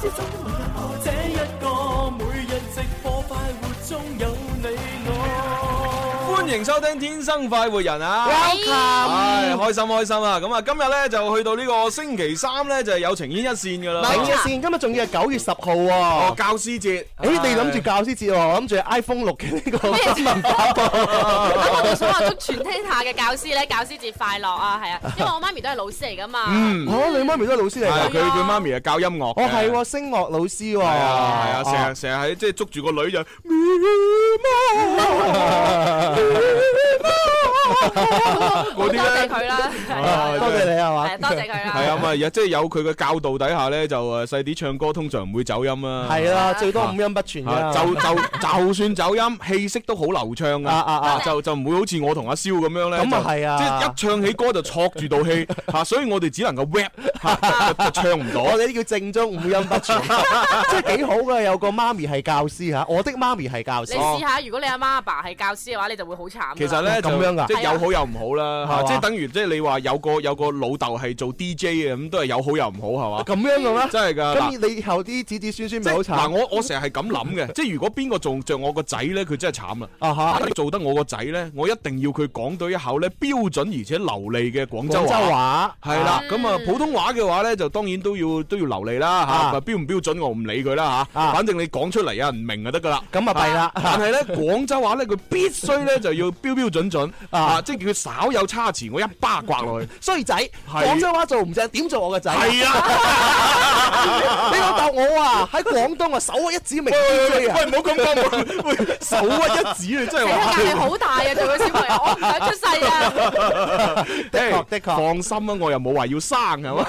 這一個每日直播，快活中有你我。歡迎收聽《天生快活人》啊！Welcome！開心開心啦！咁啊，今日咧就去到呢個星期三咧，就係情牽一線噶啦！情牽一線，今日仲要係九月十號喎！哦，教師節！哎，你諗住教師節喎？我諗住 iPhone 六嘅呢個咩？我哋想話祝全天下嘅教師咧，教師節快樂啊！係啊，因為我媽咪都係老師嚟噶嘛。嗯，你媽咪都係老師嚟噶，佢佢媽咪啊，教音樂。哦，係，聲樂老師喎。係啊，係啊，成日成日喺即係捉住個女就。多謝佢啦，多謝你啊。嘛，多謝佢啦，係啊，唔係即係有佢嘅教導底下咧，就誒細啲唱歌通常唔會走音啊，係啦，最多五音不全嘅，就就就算走音，氣息都好流暢啊，就就唔會好似我同阿蕭咁樣咧，咁啊係啊，即係一唱起歌就撮住道氣吓，所以我哋只能夠 rap 就唱唔到，我哋呢叫正宗五音不全，即係幾好噶，有個媽咪係教師吓，我的媽咪係教師，你試下如果你阿媽阿爸係教師嘅話，你就會好。其實咧咁樣噶，即係有好有唔好啦，即係等於即係你話有個有個老豆係做 DJ 嘅，咁都係有好有唔好，係嘛？咁樣嘅咩？真係噶！咁你以後啲子子孫孫咪好慘。嗱，我我成日係咁諗嘅，即係如果邊個做着我個仔咧，佢真係慘啦。啊哈！做得我個仔咧，我一定要佢講到一口咧標準而且流利嘅廣州話。係啦，咁啊普通話嘅話咧，就當然都要都要流利啦吓，標唔標準我唔理佢啦吓，反正你講出嚟啊唔明就得噶啦。咁啊弊啦！但係咧廣州話咧，佢必須咧就。要標標準準啊，啊！即係叫佢稍有差池，我一巴刮落去，嗯。衰仔，廣州是話做唔正，點做我嘅仔？係啊！ 我啊喺廣東啊，首屈一指名，喂唔好咁講，首屈一指啊，真係壓力好大啊！做個小朋友，我想出世啊！的確的確，放心啦，我又冇話要生係嘛？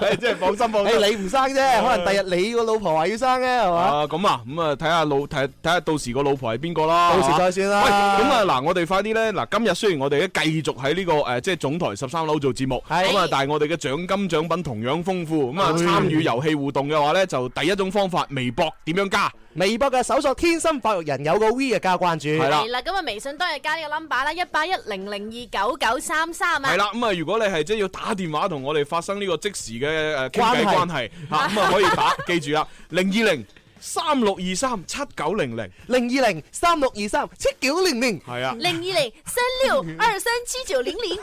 係真係放心，放心。係你唔生啫，可能第日你個老婆話要生嘅係嘛？啊咁啊，咁啊睇下老睇睇下到時個老婆係邊個啦？到時再算啦。咁啊嗱，我哋快啲咧嗱，今日雖然我哋咧繼續喺呢個誒即係總台十三樓做節目，咁啊，但係我哋嘅獎金獎品同樣豐富，咁啊參與遊戲互動嘅話。咧就第一種方法，微博點樣加？微博嘅搜索，天生快活人有個 V 啊，加關注係啦。咁的啊，微信都係加呢個 number 啦，一八一零零二九九三三啊。係啦，咁啊，如果你係即係要打電話同我哋發生呢個即時嘅誒關係關係係吓，咁啊可以打，記住啦，零二零。三六二三七九零零零二零三六二三七九零零係啊零二零三六二三七九零零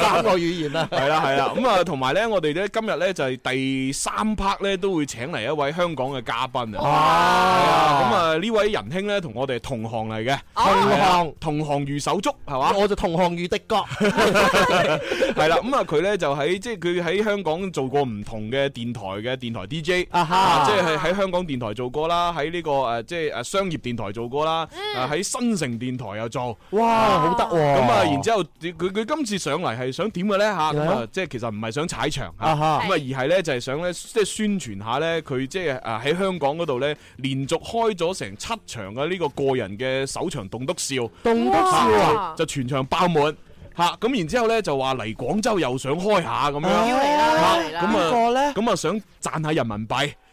三個語言啦係啦係啦咁啊同埋咧我哋咧今日咧就係第三 part 咧都會請嚟一位香港嘅嘉賓啊咁啊呢位仁兄咧同我哋同行嚟嘅同行同行如手足係嘛我就同行如敵國係啦咁啊佢咧就喺即係佢喺香港做過唔同嘅電台嘅電台 DJ 啊吓即係喺香港電台做。做過啦，喺呢個誒，即係誒商業電台做過啦，誒喺新城電台又做，哇，好得咁啊！然之後佢佢今次上嚟係想點嘅咧吓，咁啊，即係其實唔係想踩場吓咁啊而係咧就係想咧即係宣傳下咧，佢即係誒喺香港嗰度咧連續開咗成七場嘅呢個個人嘅首場棟篤笑，棟篤笑啊，就全場爆滿吓，咁然之後咧就話嚟廣州又想開下咁樣吓，咁啊咁啊想賺下人民幣。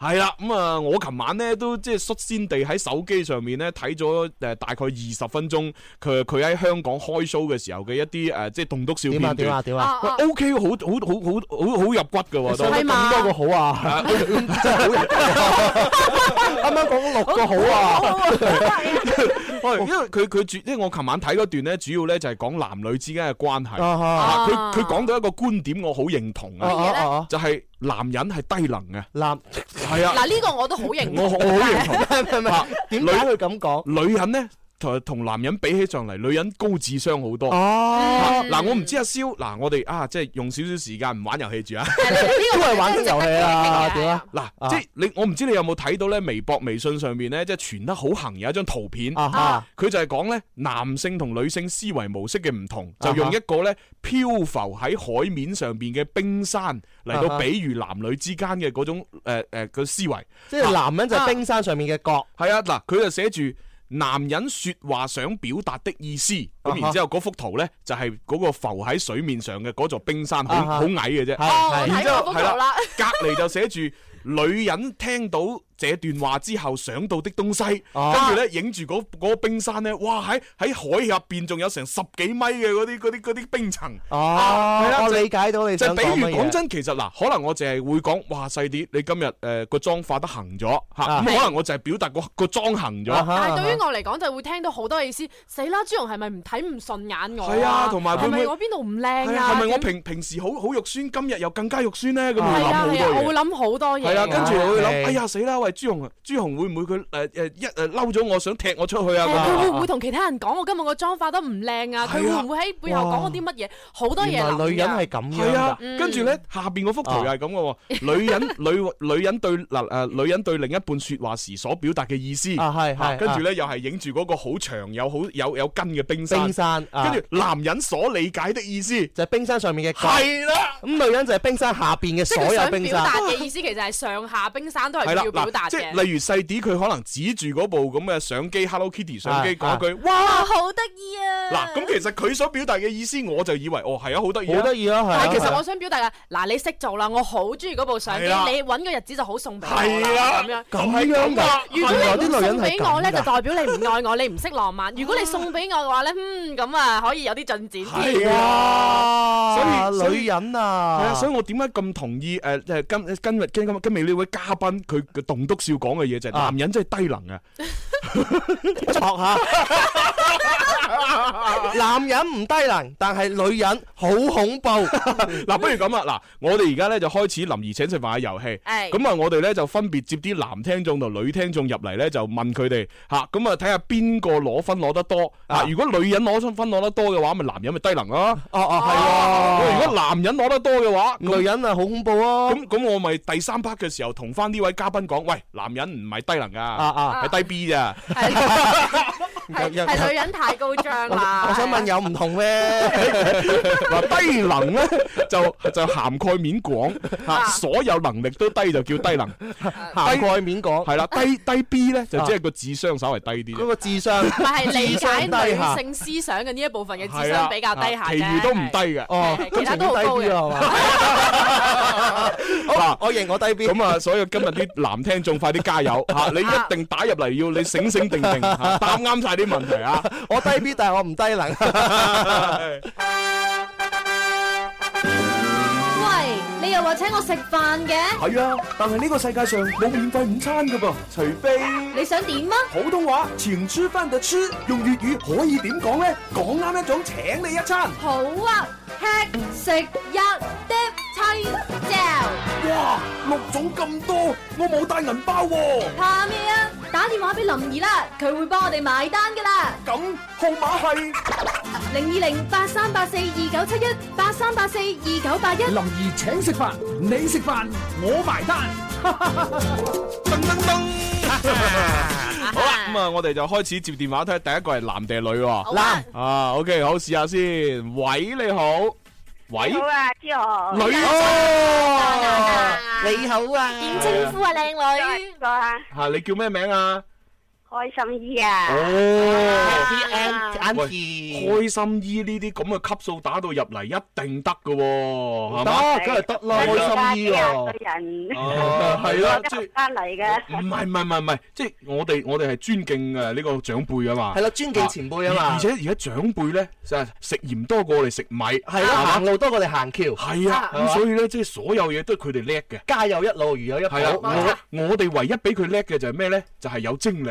係啦，咁啊、嗯，我琴晚咧都即係率先地喺手機上面咧睇咗誒，大概二十分鐘佢佢喺香港開 show 嘅時候嘅一啲誒、呃，即係棟篤笑片段。點啊點啊，啊 o、OK, K，好好好好好好入骨噶喎，多個好啊，即係好。啱啱講咗六個好啊，喂， 因為佢佢主，即係我琴晚睇嗰段咧，主要咧就係講男女之間嘅關係。佢佢講到一個觀點，我好認同啊，啊就係男人係低能嘅男。男係是啊！嗱，呢個我都好認同。我好認同。點解佢咁講女人呢？同同男人比起上嚟，女人高智商好多。哦，嗱，我唔知阿蕭，嗱，我哋啊，即係用少少時間唔玩遊戲住啊，都係玩緊遊戲啊。點啊？嗱，即係你，我唔知你有冇睇到咧？微博、微信上面咧，即係傳得好行有一張圖片，啊，佢就係講咧，男性同女性思維模式嘅唔同，就用一個咧漂浮喺海面上邊嘅冰山嚟到比喻男女之間嘅嗰種誒誒個思維。即係男人就係冰山上面嘅角。係啊，嗱，佢就寫住。男人說話想表達的意思，咁、uh huh. 然之後嗰幅圖呢，就係、是、嗰個浮喺水面上嘅嗰座冰山好，好、uh huh. 矮嘅啫。Uh huh. 然之後係啦，uh huh. 吧隔籬就寫住 女人聽到。這段話之後想到的東西，跟住咧影住嗰嗰個冰山咧，哇喺喺海入邊仲有成十幾米嘅嗰啲啲啲冰層。哦，係啦，我理解到你。就比如講真，其實嗱，可能我淨係會講，哇細啲，你今日誒個妝化得行咗，吓，咁可能我淨係表達個個妝行咗。但係對於我嚟講，就會聽到好多意思。死啦，朱蓉係咪唔睇唔順眼我？係啊，同埋係咪我邊度唔靚啊？係咪我平平時好好肉酸，今日又更加肉酸咧？咁會諗好多嘢。係啊，我會諗好多嘢。係啊，跟住會諗，哎呀死啦！係朱紅啊！朱紅會唔會佢誒誒一誒，嬲咗我想踢我出去啊嘛？佢會唔會同其他人講我今日個妝化得唔靚啊？佢會唔會喺背後講我啲乜嘢？好多嘢啊！女人係咁噶，係啊！跟住咧下邊嗰幅圖又係咁噶，女人女女人對嗱誒女人對另一半說話時所表達嘅意思啊，係係，跟住咧又係影住嗰個好長有好有有根嘅冰山，冰山跟住男人所理解的意思就係冰山上面嘅係啦，咁女人就係冰山下邊嘅所有冰山，表達嘅意思其實係上下冰山都係要表。即係例如細啲，佢可能指住嗰部咁嘅相機 Hello Kitty 相機講句，哇，好得意啊！嗱，咁其實佢所表達嘅意思，我就以為哦，係啊，好得意，好得意啦！但其實我想表達啊，嗱，你識做啦，我好中意嗰部相機，你揾個日子就好送俾我啊，咁樣。咁樣㗎？原來啲女人係咁。如果你唔送俾我咧，就代表你唔愛我，你唔識浪漫。如果你送俾我嘅話咧，嗯，咁啊可以有啲進展。係啊。女人啊，係啊，所以我點解咁同意誒誒今今日今今今日呢位嘉賓佢嘅棟篤笑講嘅嘢就係、是、男人真係低能啊，學下、啊。 男人唔低能，但係女人好恐怖。嗱、啊，不如咁啊，嗱，我哋而家咧就開始臨時請食飯嘅遊戲。係、哎。咁啊，我哋咧就分別接啲男聽眾同女聽眾入嚟咧，就問佢哋嚇。咁啊，睇下邊個攞分攞得多啊。如果女人攞出分攞得多嘅話，咪男人咪低能咯、啊。哦、啊，啊，係啊。男人攞得多嘅話，女人啊好恐怖啊！咁咁我咪第三 part 嘅時候同翻呢位嘉賓講，喂，男人唔係低能噶，啊啊、係低 B 咋。啊 係係女人太高張啦！我想問有唔同咩？話低能咧就就涵蓋面廣，吓，所有能力都低就叫低能，涵蓋面廣係啦。低低 B 咧就只係個智商稍微低啲。嗰個智商，唔係理解同女性思想嘅呢一部分嘅智商比較低下啫。其餘都唔低嘅，哦，其他都好高嘅係嘛。啊，我認我低 B 咁啊！所以今日啲男聽眾快啲加油吓，你一定打入嚟要你醒醒定定，答啱晒啲問題啊！我低 B，但係我唔低能。你又話請我食飯嘅？係啊，但係呢個世界上冇免費午餐噶噃，除非你想點啊？普通話錢出翻就出，用粵語可以點講咧？講啱一種，請你一餐。好啊，吃食一的親照。哇，六種咁多，我冇帶銀包喎。怕咩啊？打電話俾林怡啦，佢會幫我哋買單噶啦。咁號碼係零二零八三八四二九七一八三八四二九八一。林怡請食。飯，你食飯，我埋單。噔噔噔，好啦，咁啊，我哋就開始接電話睇下，第一個係男定係女？男啊，OK，好，試下先。喂，你好。喂。好啊，天河。女。你好啊。點稱呼啊，靚女？你好啊。吓，你叫咩名啊？開心醫啊！開心醫呢啲咁嘅級數打到入嚟，一定得嘅，係咪啊？梗係得啦，開心醫啊！個人哦，係啦，即嚟嘅。唔係唔係唔係唔係，即係我哋我哋係尊敬誒呢個長輩啊嘛。係啦，尊敬前輩啊嘛。而且而家長輩咧，食鹽多過我哋食米，係咯，行路多過我哋行橋。係啊，咁所以咧，即係所有嘢都係佢哋叻嘅。家有一老，如有一寶。我我哋唯一俾佢叻嘅就係咩咧？就係有精力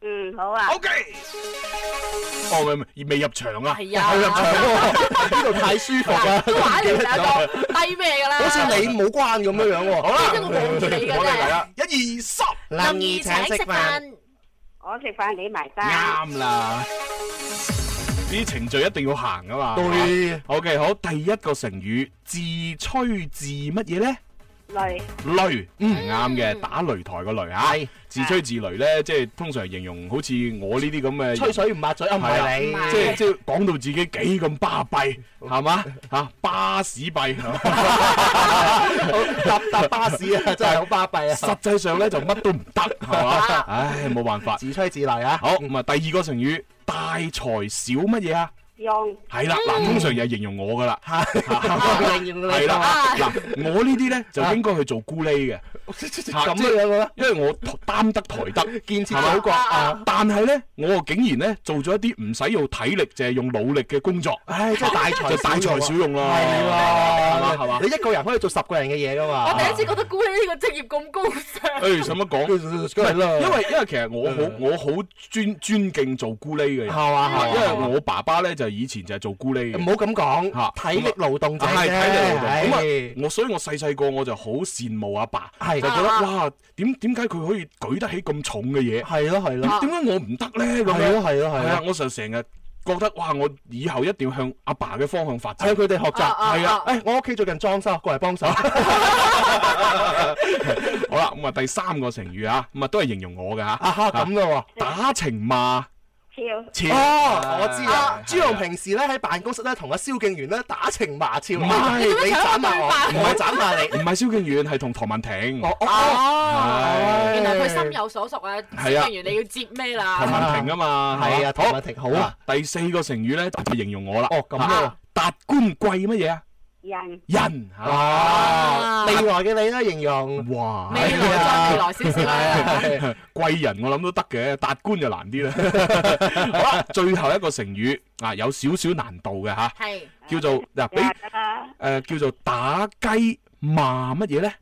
嗯好啊。O K。哦未未入場啊。係啊，入場喎。呢度太舒服啦。都玩完兩個低咩噶啦。好似你冇關咁樣樣喎。好啦，我哋一、二、三，男二請食飯，我食飯你埋單。啱啦。呢啲程序一定要行噶嘛。對。O K，好，第一個成語自吹自乜嘢咧？擂。擂，唔啱嘅，打擂台個擂。自吹自擂咧，即係通常形容好似我呢啲咁嘅吹水唔抹嘴，唔係，你，啊、是即係即係講到自己幾咁巴閉，係嘛？嚇巴士閉，搭搭巴士啊，真係好巴閉啊！實際上咧就乜都唔得，係嘛？ 唉，冇辦法。自吹自擂啊！好，咁啊，第二個成語大財小乜嘢啊？係啦，嗱，通常又係形容我噶啦，係啦，嗱，我呢啲咧就應該去做咕 l 嘅，咁即係點講？因為我擔得抬得，建設好過啊！但係咧，我竟然咧做咗一啲唔使用體力，就係用努力嘅工作，唉，即係大才大才小用啦，係嘛？係嘛？你一個人可以做十個人嘅嘢噶嘛？我第一次覺得咕 l 呢個職業咁高尚。誒，想乜講？係啦，因為因為其實我好我好尊尊敬做咕 l 嘅人，係嘛？係嘛？因為我爸爸咧就。以前就係做咕喱，唔好咁講，體力勞動者啫。係體力勞動。咁啊，我所以，我細細個我就好羨慕阿爸，就覺得哇，點點解佢可以舉得起咁重嘅嘢？係咯係咯。點解我唔得咧？係咯係咯係。我就成日覺得哇，我以後一定要向阿爸嘅方向發展，向佢哋學習。係啊，誒，我屋企最近裝修，過嚟幫手。好啦，咁啊，第三個成語啊，咁啊，都係形容我嘅嚇。啊哈，咁嘅打情罵。哦，我知啊！朱龍平時咧喺辦公室咧同阿蕭敬元咧打情罵俏。唔係，你斬埋我，唔係斬埋你，唔係蕭敬元，係同唐文婷。哦，原來佢心有所屬啊！蕭敬元，你要接咩啦？唐文婷啊嘛，係啊，唐文婷好啊。第四個成語咧就係形容我啦。哦，咁啊，達官貴乜嘢啊？人，哇！未來嘅你啦，形容哇，未來多未來少少，貴人我諗都得嘅，達官就難啲啦。好啦，最後一個成語啊，有少少難度嘅吓，係叫做嗱，俾誒叫做打雞罵乜嘢咧？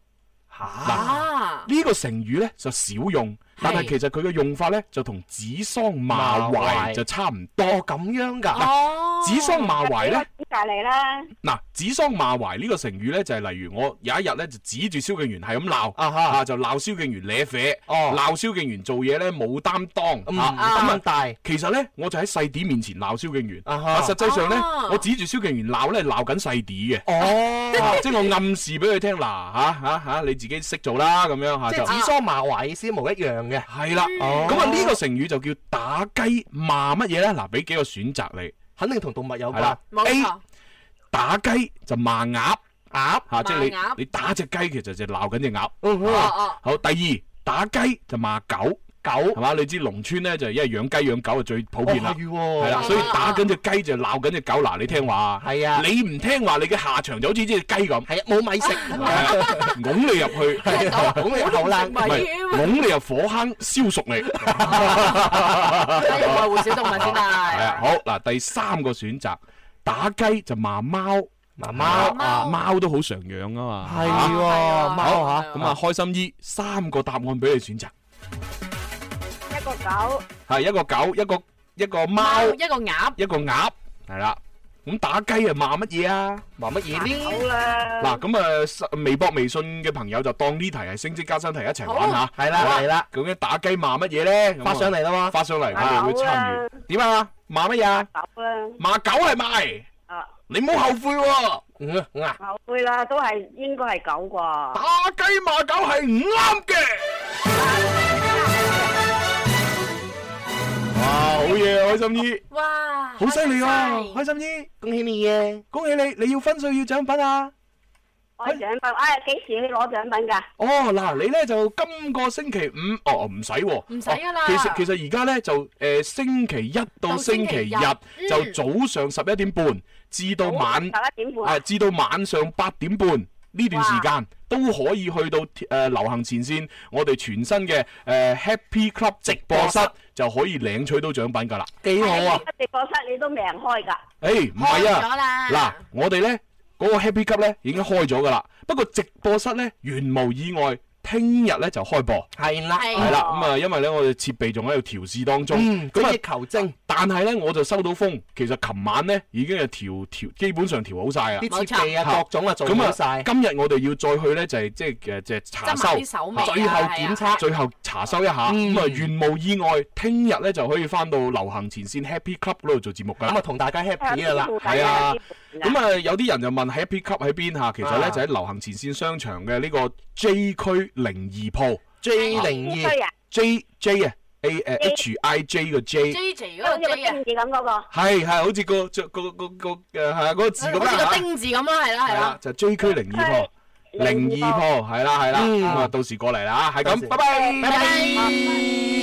吓，呢個成語咧就少用。但係其實佢嘅用法咧就同指桑罵槐就差唔多咁樣噶。哦，指桑罵槐咧，大你啦。嗱，指桑罵槐呢個成語咧就係例如我有一日咧就指住蕭敬員係咁鬧，啊哈，就鬧蕭敬員咧啡，哦，鬧蕭敬員做嘢咧冇擔當，咁樣大。其實咧我就喺細弟面前鬧蕭敬員，啊哈，實際上咧我指住蕭敬員鬧咧鬧緊細弟嘅。哦，即係我暗示俾佢聽，嗱吓吓吓你自己識做啦咁樣吓就。即係指桑罵槐意思先無一樣。嘅係啦，咁啊呢個成語就叫打雞罵乜嘢咧？嗱，俾幾個選擇你，肯定同動物有關。的錯 A 打雞就罵鴨，鴨吓鴨、啊，即係你你打隻雞，其實就鬧緊隻鴨。好。第二打雞就罵狗。狗係嘛，你知農村咧就因為養雞養狗係最普遍啦，係啦，所以打緊隻雞就鬧緊隻狗，嗱，你聽話，係啊，你唔聽話，你嘅下場就好似隻雞咁，係啊，冇米食，拱你入去，拱你入火坑，拱你入火坑燒熟你，保護小動物先啦。係啊，好嗱，第三個選擇打雞就罵貓，罵貓啊，貓都好常養啊嘛，係喎，好吓咁啊，開心醫三個答案俾你選擇。個狗係一個狗，一個一個貓，一個鴨，一個鴨，係啦。咁打雞啊，罵乜嘢啊？罵乜嘢咧？嗱咁啊，微博微信嘅朋友就當呢題係升職加薪題，一齊玩下。係啦，係啦。咁樣打雞罵乜嘢咧？發上嚟啦嘛，發上嚟啦，我哋會參與。點啊？罵乜嘢啊？罵狗啦！罵狗係咪？啊！你唔好後悔喎。後悔啦，都係應該係狗啩？打雞罵狗係唔啱嘅。哇、啊，好嘢啊，開心姨！哇，好犀利啊，開心姨，心恭喜你啊！恭喜你，你要分數要獎品啊！我獎品，哎是，幾時你攞獎品㗎？哦，嗱，你咧就今個星期五，哦唔使，唔使啊啦。其實其實而家咧就誒、呃、星期一到星期日就早上十一點半至到晚十一點半，啊至到晚上八點半。呢段時間哇都可以去到誒、呃、流行前線，我哋全新嘅誒、呃、Happy Club 直播室，直播室就可以領取到獎品㗎啦，幾好啊！哎，這個、直播室你都冇人開㗎，誒唔係啊，嗱我哋呢，嗰、那個 Happy Club 呢已經開咗㗎啦，不過直播室呢，原無意外。聽日咧就開播，係啦，係啦，咁啊，因為咧我哋設備仲喺度調試當中，咁啊求精。但係咧我就收到風，其實琴晚咧已經係調調，基本上調好晒啦。啲設備啊，各種啊做晒。今日我哋要再去咧就係即係誒即係查收，最後檢查，最後查收一下。咁啊，原無意外，聽日咧就可以翻到流行前線 Happy Club 嗰度做節目噶。咁啊，同大家 Happy 噶啦，係啊。咁啊，有啲人就問 Happy Club 喺邊吓？其實咧就喺流行前線商場嘅呢個。J 區零二鋪，J 零二，J J 啊，A H I J 個 J，J 字嗰個 J 啊，係係好似、個着個個個誒係啊嗰個字咁啦，個丁字咁啦，係啦係啦，就係、J 區零二鋪，零二鋪係啦係啦，咁啊、嗯、到時過嚟啦啊，係咁，拜拜拜拜。拜拜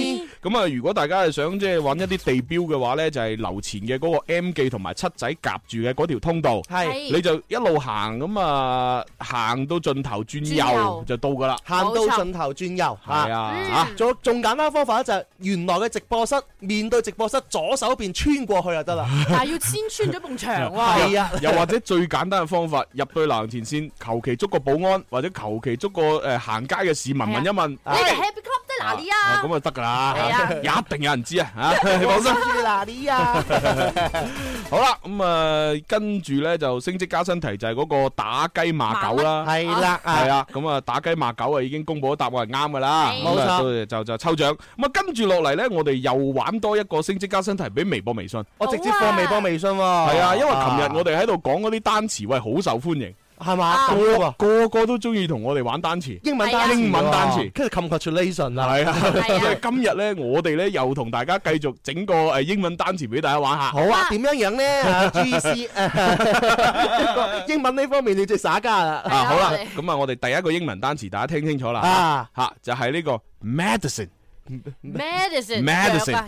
咁啊，如果大家係想即係揾一啲地標嘅話咧，就係、是、樓前嘅嗰個 M 記同埋七仔夾住嘅嗰條通道，係，你就一路行，咁啊行到盡頭轉右就到噶啦。行到盡頭轉右，係啊，仲、啊嗯、簡單方法就係、是、原來嘅直播室面對直播室左手邊穿過去就得啦，但係要先穿咗埲牆喎。係啊，啊啊啊又或者最簡單嘅方法，入對藍田線，求其捉個保安或者求其捉個誒行、呃、街嘅市民問一問。嗱啲啊，咁啊得噶啦，也一定有人知啊，吓你放心。嗱啲啊，好啦，咁啊跟住咧就升職加薪題就係嗰個打雞罵狗啦，係啦，係啊，咁啊打雞罵狗啊已經公布咗答案係啱噶啦，冇錯，就就抽獎。咁啊跟住落嚟咧，我哋又玩多一個升職加薪題俾微博微信，我直接放微博微信喎，係啊，因為琴日我哋喺度講嗰啲單詞，喂好受歡迎。係嘛？個個都中意同我哋玩單詞，英文單詞，英文單詞，跟住 concentration 啊，係啊！今日咧，我哋咧又同大家繼續整個誒英文單詞俾大家玩下。好啊！點樣樣咧？G C，英文呢方面你最耍家啦。好啦，咁啊，我哋第一個英文單詞大家聽清楚啦。嚇，就係呢個 medicine。medicine，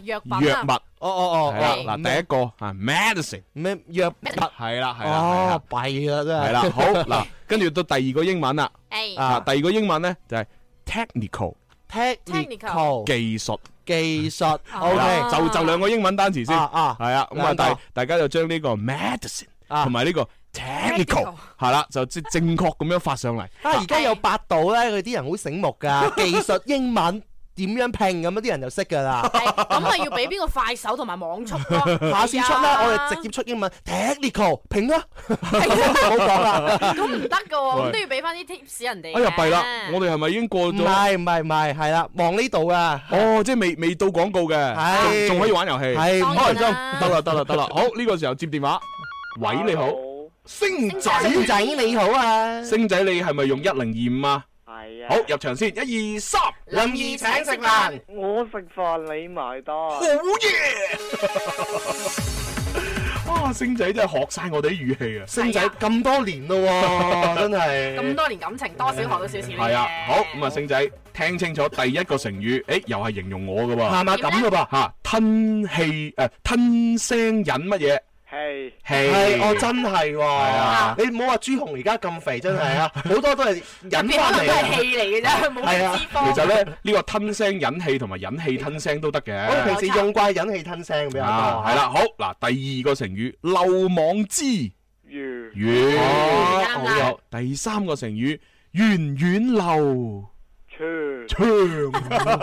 藥物，藥物，哦哦哦，係啦，嗱，第一個吓，medicine，咩藥物？係啦係啦，哦，弊啦真係，係啦，好，嗱，跟住到第二個英文啦，啊，第二個英文咧就係 technical，technical，技術，技術，OK，就就兩個英文單詞先，啊，係啊，咁啊，大大家就將呢個 medicine 同埋呢個 technical 係啦，就即正確咁樣發上嚟，啊，而家有百度咧，佢啲人好醒目噶，技術英文。點樣拼，咁啲人就識噶啦，咁咪要俾邊個快手同埋網速。下次出咧，我哋直接出英文，technical 拼啦，好講啦，咁唔得噶，我都要俾翻啲 tips 人哋。哎呀，弊啦，我哋係咪已經過咗？唔係唔係唔係，係啦，望呢度啊，哦，即係未未到廣告嘅，仲可以玩遊戲，係五分鐘，得啦得啦得啦，好，呢個時候接電話，喂，你好，星仔星仔你好啊，星仔你係咪用一零二五啊？好入場先，一二三，林二請食飯，我食飯你埋單，好嘢！哇，星仔真係學晒我哋啲語氣啊！星仔咁多年咯，真係咁多年感情，多少學到少少嘅。係啊，好咁啊，星仔聽清楚第一個成語，誒，又係形容我噶喎，係咪咁噶噃吓，吞氣誒吞聲忍乜嘢？係氣，我、哦、真係喎、哦，你唔好話朱紅而家咁肥真係啊，好、啊啊、多都係引翻嚟可能都係氣嚟嘅啫，冇、啊、脂肪、啊。其實咧呢、這個吞聲引氣同埋引氣吞聲都得嘅。我平時用慣引氣吞聲咁樣多。係啦、啊啊，好嗱，第二個成語漏網之魚。哦 Yeah.、啊，好有，第三個成語源遠流。長，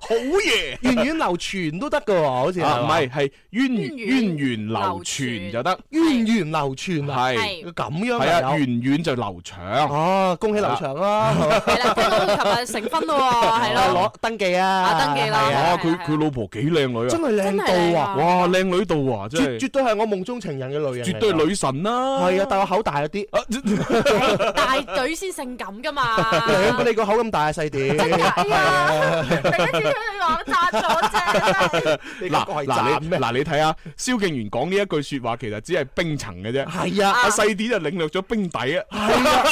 好嘢，源遠流傳都得噶喎，好似係，唔係係淵淵源流傳就得，淵源流傳係，咁樣係啊，源遠就流長，啊，恭喜流長啦，係啦，阿東佢琴日成婚啦喎，係咯，攞登記啊，登記啦，啊，佢佢老婆幾靚女啊，真係靚到啊，哇，靚女到啊，絕絕對係我夢中情人嘅類型，絕對係女神啦，係啊，但係我口大一啲，大嘴先性感噶嘛，你個口咁大。細啲係啊，第一啲我讚咗啫。嗱嗱你嗱你睇下，蕭敬源講呢一句說話，其實只係冰層嘅啫。係啊，阿細啲就領略咗冰底啊。係啊，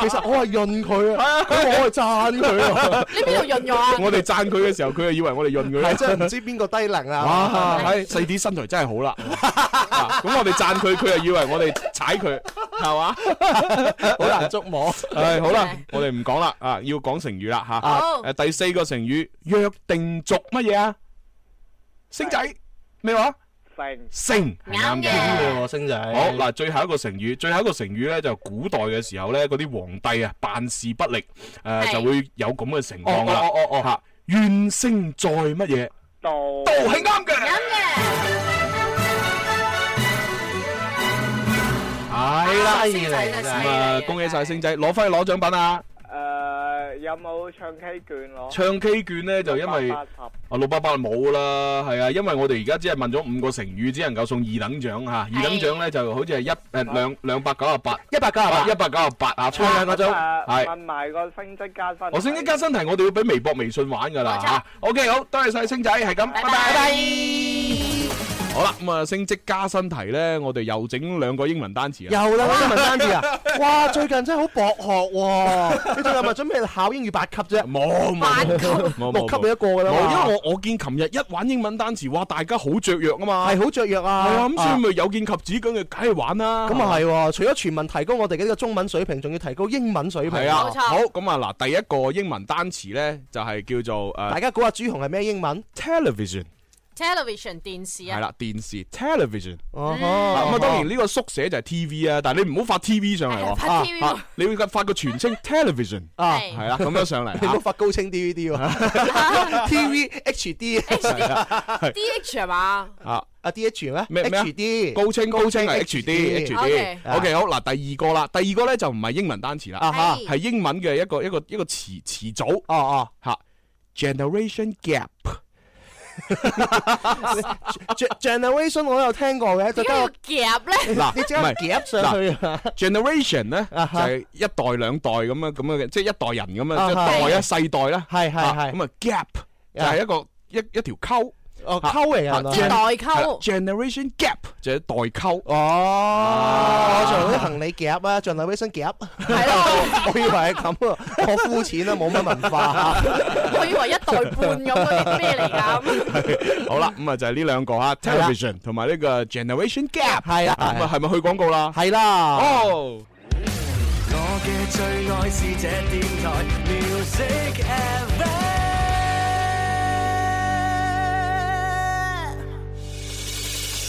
其實我係潤佢啊，我係讚佢。啊。你邊度潤啊？我哋讚佢嘅時候，佢就以為我哋潤佢。真係唔知邊個低能啊！哇，細啲身材真係好啦。咁我哋讚佢，佢就以為我哋踩佢，係嘛？好難捉摸。係好啦，我哋唔講啦。啊，要講成語啦吓。好。誒，第四個成語約定俗乜嘢啊？星仔，咩話？成。成係啱嘅，星仔。好，嗱，最後一個成語，最後一個成語咧就古代嘅時候咧，嗰啲皇帝啊，辦事不力，誒，就會有咁嘅情況㗎啦。哦哦哦，怨聲載乜嘢？道。道係啱嘅。係啦，星仔，咁啊，恭喜晒星仔，攞翻去攞獎品啊！誒，uh, 有冇唱 K 券攞？唱 K 券咧就因為啊六八八冇啦，係啊，因為我哋而家只係問咗五個成語，只能夠送二等獎吓，二等獎咧就好似係一誒兩兩百九十八，一百九十八，一百九十八啊，抽兩個鐘係問埋個升職加薪。我升職加薪題我哋要俾微博微信玩噶啦吓。啊、o、okay, K，好，多謝晒星仔，係咁，拜拜。好啦，咁啊升職加薪題咧，我哋又整兩個英文單詞啊！又啦，英文單詞啊！哇，最近真係好博學喎！你哋係咪準備考英語八級啫？冇，八級六級你一個㗎啦！因為我我見琴日一玩英文單詞，哇，大家好雀躍啊嘛！係好雀躍啊！係啊，咁所以咪有見及此咁，佢梗係玩啦！咁啊係喎，除咗全民提高我哋嘅呢個中文水平，仲要提高英文水平。係啊，冇錯。好，咁啊，嗱，第一個英文單詞咧就係叫做誒。大家估下朱紅係咩英文？Television。television 電視啊，係啦電視 television，咁啊當然呢個縮寫就係 TV 啊，但係你唔好發 TV 上嚟喎，你會發個全稱 television 啊，係啦咁樣上嚟，你唔好發高清 DVD 喎，TV HD 係啦，DH 係嘛啊啊 DH 咩咩咩？高清高清係 HD HD，OK 好嗱第二個啦，第二個咧就唔係英文單詞啦，係英文嘅一個一個一個詞詞組，哦哦嚇 generation gap。 Generation 我都有聽過嘅，就得個 gap 咧。嗱， 你即刻 gap 上去啊 ？Generation 咧就係、一代兩代咁啊，咁啊嘅，即係一代人咁啊，即係代一世代啦，係係係，咁啊 gap 就係一個一一條溝。哦，溝嚟噶，啊、代溝，generation gap，就係代溝。哦，啊啊、我仲有啲行李夾啊，generation 夾，係咯，我以為係咁啊，我膚淺啦，冇乜文化。 啊、我以為一代半咁啲咩嚟㗎？好啦，咁、嗯、啊就係、是、呢兩個啊 television 同埋呢個 generation gap。係啊，咁啊係咪去廣告啦？係啦。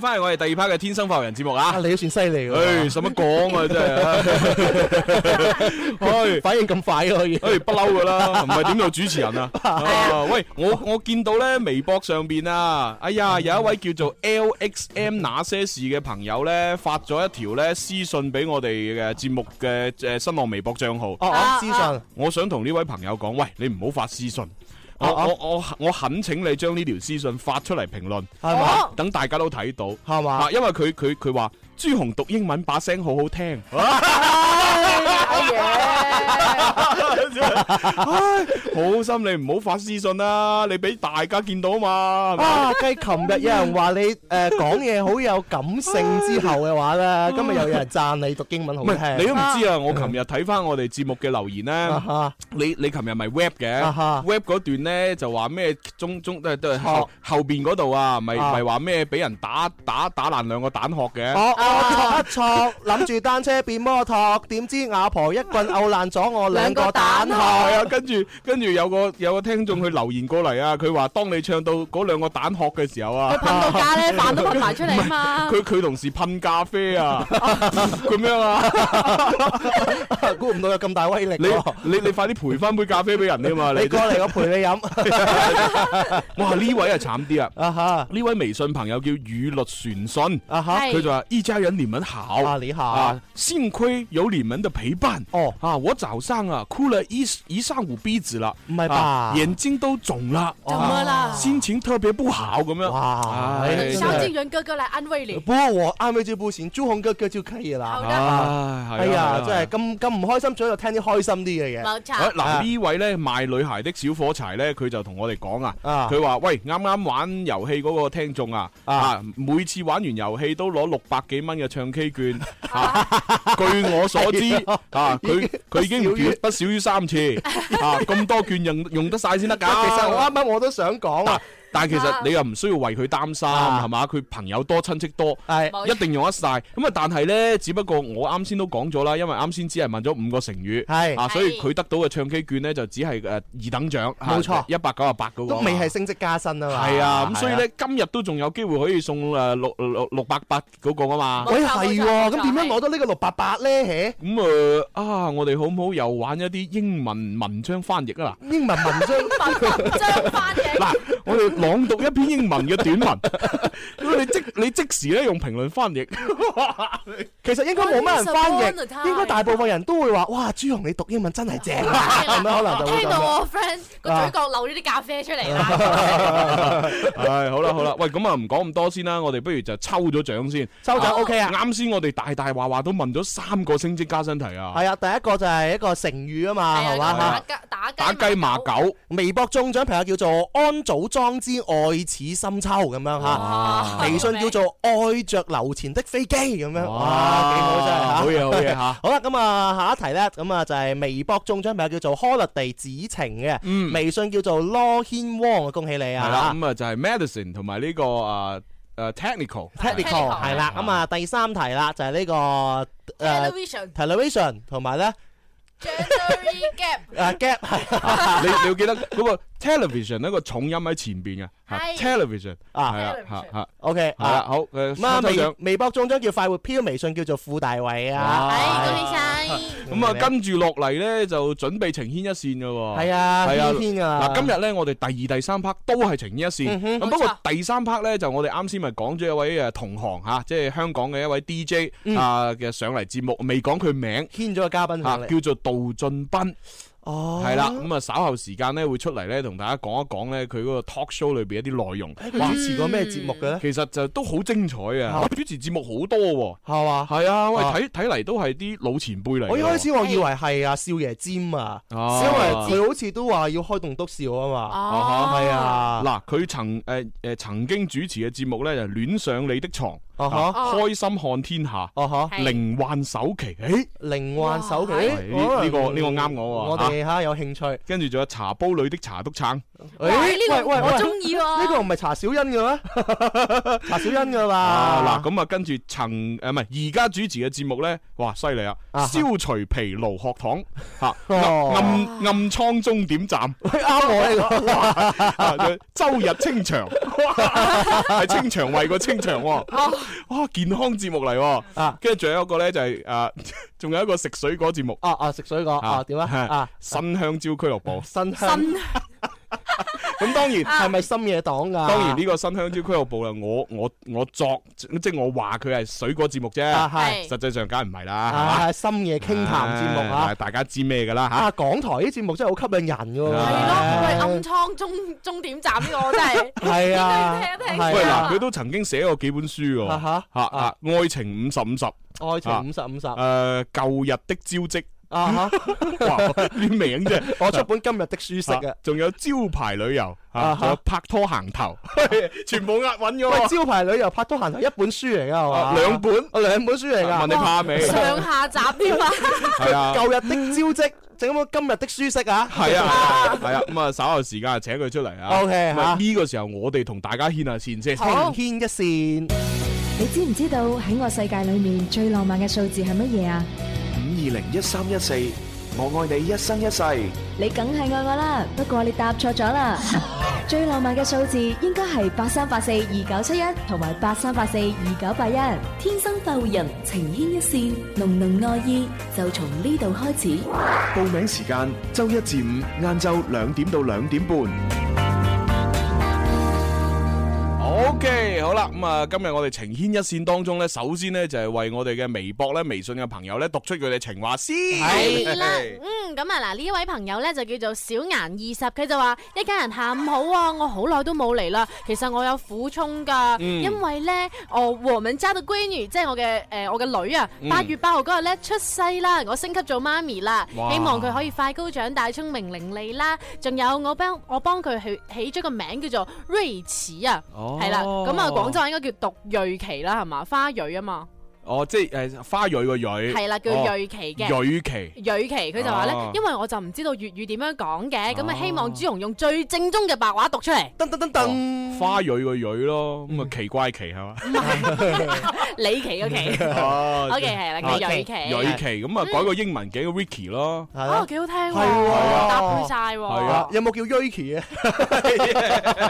翻嚟我哋第二 part 嘅天生快活人節目啊！你都算犀利，唉、哎，使乜講啊？真係，唉，反應咁快啊，可以、哎，唉， 不嬲噶啦，唔係點做主持人啊？ 啊喂，我我見到咧微博上邊啊，哎呀，有一位叫做 LXM 那些事嘅朋友咧，發咗一條咧私信俾我哋嘅節目嘅誒新浪微博帳號。哦、啊，私信。我想同呢位朋友講，喂，你唔好發私信。我我我我懇請你將呢條私信發出嚟評論，係嘛嗎？等、啊、大家都睇到，係嘛嗎、啊？因為佢佢佢話朱紅讀英文把聲好好聽。 哎好心 你唔好發私信啦，你俾大家見到嘛。是是啊，繼琴日有人你、呃、話你誒講嘢好有感性之後嘅話咧，唉今日又有人讚你讀英文好聽。你都唔知啊，我琴日睇翻我哋節目嘅留言咧，你你琴日咪 rap 嘅 rap 嗰段咧就話咩中中都係都係後邊嗰度啊，咪咪話咩俾人打打打爛兩個蛋殼嘅。我哦、啊，不錯，諗住單車變摩托，點、啊、 知阿婆一棍毆爛咗我兩個蛋。係啊、嗯，跟住跟住有個有個聽眾佢留言過嚟啊，佢話當你唱到嗰兩個蛋殼嘅時候啊，佢噴到咖喱飯都噴埋出嚟嘛。佢佢 同時噴咖啡啊，咁樣 啊，估唔 到有咁大威力，啊你。你你你快啲賠翻杯咖啡俾人啊嘛。你， 你過嚟我陪你飲。 哇，呢位啊，慘啲啊。啊哈，呢位微信朋友叫雨律傳訊啊哈，佢、uh huh. 就話、是：依家人你哋好啊，你好啊，幸虧有你哋的陪伴哦。Oh. 啊，我早上啊哭了一。一一上午閉嘴啦，唔係吧？眼睛都腫啦，怎麼啦？心情特別不好咁樣。哇！蕭敬仁哥哥來安慰你。幫我安慰住部線，朱紅哥哥就可以啦。係啊，真係咁咁唔開心，最好聽啲開心啲嘅嘢。嗱，呢位咧賣女孩的小火柴咧，佢就同我哋講啊，佢話喂，啱啱玩遊戲嗰個聽眾啊，啊，每次玩完遊戲都攞六百幾蚊嘅唱 K 券，吓，據我所知啊，佢佢已經唔少不少於三。次 啊，咁多券用用得晒先得㗎？其實我啱啱我都想講啊。 但係其實你又唔需要為佢擔心係嘛？佢朋友多親戚多，一定用得晒。咁啊，但係咧，只不過我啱先都講咗啦，因為啱先只係問咗五個成語，啊，所以佢得到嘅唱 K 券咧就只係誒二等獎，冇錯，一百九啊八嗰個都未係升職加薪啊嘛。係啊，咁所以咧今日都仲有機會可以送誒六六六百八嗰個啊嘛。喂，係喎，咁點樣攞到呢個六百八咧？咁誒啊！我哋好唔好又玩一啲英文文章翻譯啊？啦，英文文章翻譯，嗱，我哋。朗讀一篇英文嘅短文，你即你即時咧用評論翻譯，其實應該冇乜人翻譯，應該大部分人都會話：哇，朱紅你讀英文真係正。聽到我 friend 個嘴角漏咗啲咖啡出嚟啦。係好啦好啦，喂咁啊唔講咁多先啦，我哋不如就抽咗獎先。抽獎 OK 啊！啱先我哋大大話話都問咗三個升職加薪題啊。係啊，第一個就係一個成語啊嘛，係嘛？打雞打雞麻狗。微博中獎朋友叫做安祖莊。知愛似深秋咁樣嚇，微信叫做愛著流前的飛機咁樣，哇，幾好真係，好嘢好嘢嚇。好啦，咁啊下一題咧，咁啊就係微博中獎名叫做 holiday 紫晴嘅，微信叫做羅軒汪啊，恭喜你啊！咁啊就係 Medicine 同埋呢個啊誒 technical，technical，係啦，咁啊第三題啦，就係呢個 television，television 同埋咧 January gap，啊 gap，你你要記得嗰個。television 一個重音喺前邊嘅，television 啊係啊吓，ok 係啦好，咁啊微微博中獎叫快活飄，微信叫做傅大偉啊，係恭喜晒，咁啊跟住落嚟咧就準備情牽一線嘅，係啊係啊，嗱今日咧我哋第二第三 part 都係情牽一線，咁不過第三 part 咧就我哋啱先咪講咗一位誒同行吓，即係香港嘅一位 DJ 啊嘅上嚟節目，未講佢名，牽咗個嘉賓上嚟，叫做杜浚斌。哦，係啦、oh.，咁啊稍後時間咧會出嚟咧同大家講一講咧佢嗰個 talk show 裏邊一啲內容，主持過咩節目嘅咧？嗯、其實就都好精彩嗎啊！主持節目好多喎，係嘛？係啊，喂，睇睇嚟都係啲老前輩嚟、啊。我一開始我以為係阿少爺尖啊，因為佢好似都話要開棟篤笑啊嘛。啊哈，係啊，嗱、啊，佢、啊、曾誒誒、呃、曾經主持嘅節目咧就戀上你的床。哦開心看天下，哦呵、uh，靈、huh. 幻首期，誒、欸，靈幻首期，呢、欸哇這個呢零 個啱我、啊，我哋吓有興趣，啊、跟住仲有茶煲裏的茶篤撐。誒，呢個我中意喎，呢個唔係查小欣嘅咩？查小欣嘅啦。嗱，咁啊，跟住曾誒，唔係而家主持嘅節目咧，哇，犀利啊！消除疲勞學堂吓，暗暗瘡終點站，啱我呢個。周日清腸，係清腸胃過清腸，哇，健康節目嚟。跟住仲有一個咧，就係誒，仲有一個食水果節目。啊啊，食水果啊，點啊？新香蕉俱樂部，新香。咁當然係咪深夜黨噶？當然呢個新香蕉俱樂部啊，我我我作即係我話佢係水果節目啫，係實際上梗係唔係啦，深夜傾談節目啊，大家知咩噶啦吓？港台啲節目真係好吸引人噶喎，係咯，佢暗瘡終終點站喎，真係係啊，聽一聽喂嗱，佢都曾經寫過幾本書喎，吓吓，愛情五十五十，愛情五十五十，誒，舊日的招積。啊哈！哇，你明啫，我出本今日的舒適啊，仲有招牌旅遊啊，仲有拍拖行頭，全部押韻咗。招牌旅遊，拍拖行頭，一本書嚟噶係嘛？兩本，兩本書嚟噶。問你怕未？上下集添啊！係啊，舊日的招積，整咁今日的舒適啊！係啊，係啊。咁啊，稍後時間就請佢出嚟啊。OK，呢個時候我哋同大家牽下線，即係牽一線。你知唔知道喺我世界裏面最浪漫嘅數字係乜嘢啊？二零一三一四，14, 我愛你一生一世。你梗係愛我啦，不過你答錯咗啦。 最浪漫嘅數字應該係八三八四二九七一，同埋八三八四二九八一。天生快活人，情牽一線，濃濃愛意就從呢度開始。報名時間：周一至五晏晝兩點到兩點半。O、okay, K，好啦，咁、嗯、啊，今日我哋情牽一線當中咧，首先咧就係、是、為我哋嘅微博咧、微信嘅朋友咧讀出佢哋情話先。係啦吧，嗯，咁啊嗱，呢一位朋友咧就叫做小顏二十，佢就話：一家人下午好啊，我好耐都冇嚟啦。其實我有苦衷噶，嗯、因為咧，我黃敏揸到閨女，即係我嘅誒、呃，我嘅女啊，八月八號嗰日咧出世啦，我升級做媽咪啦，哇希望佢可以快高長大聰，聰明伶俐啦。仲有我幫我幫佢起起咗個名叫做 r 睿齒啊。哦係啦，咁啊，廣州話應該叫讀蕊奇啦，係嘛？花蕊啊嘛。哦，即係誒花蕊個蕊，係啦，叫瑞奇嘅，瑞奇，瑞奇，佢就話咧，因為我就唔知道粵語點樣講嘅，咁啊希望朱紅用最正宗嘅白話讀出嚟。噔噔噔噔，花蕊個蕊咯，咁啊奇怪奇係嘛？唔係，李奇個奇，OK 係啦，瑞奇，瑞奇，咁啊改個英文叫 Ricky 咯。哦，幾好聽喎，搭配晒喎。係啊，有冇叫 Ricky 啊？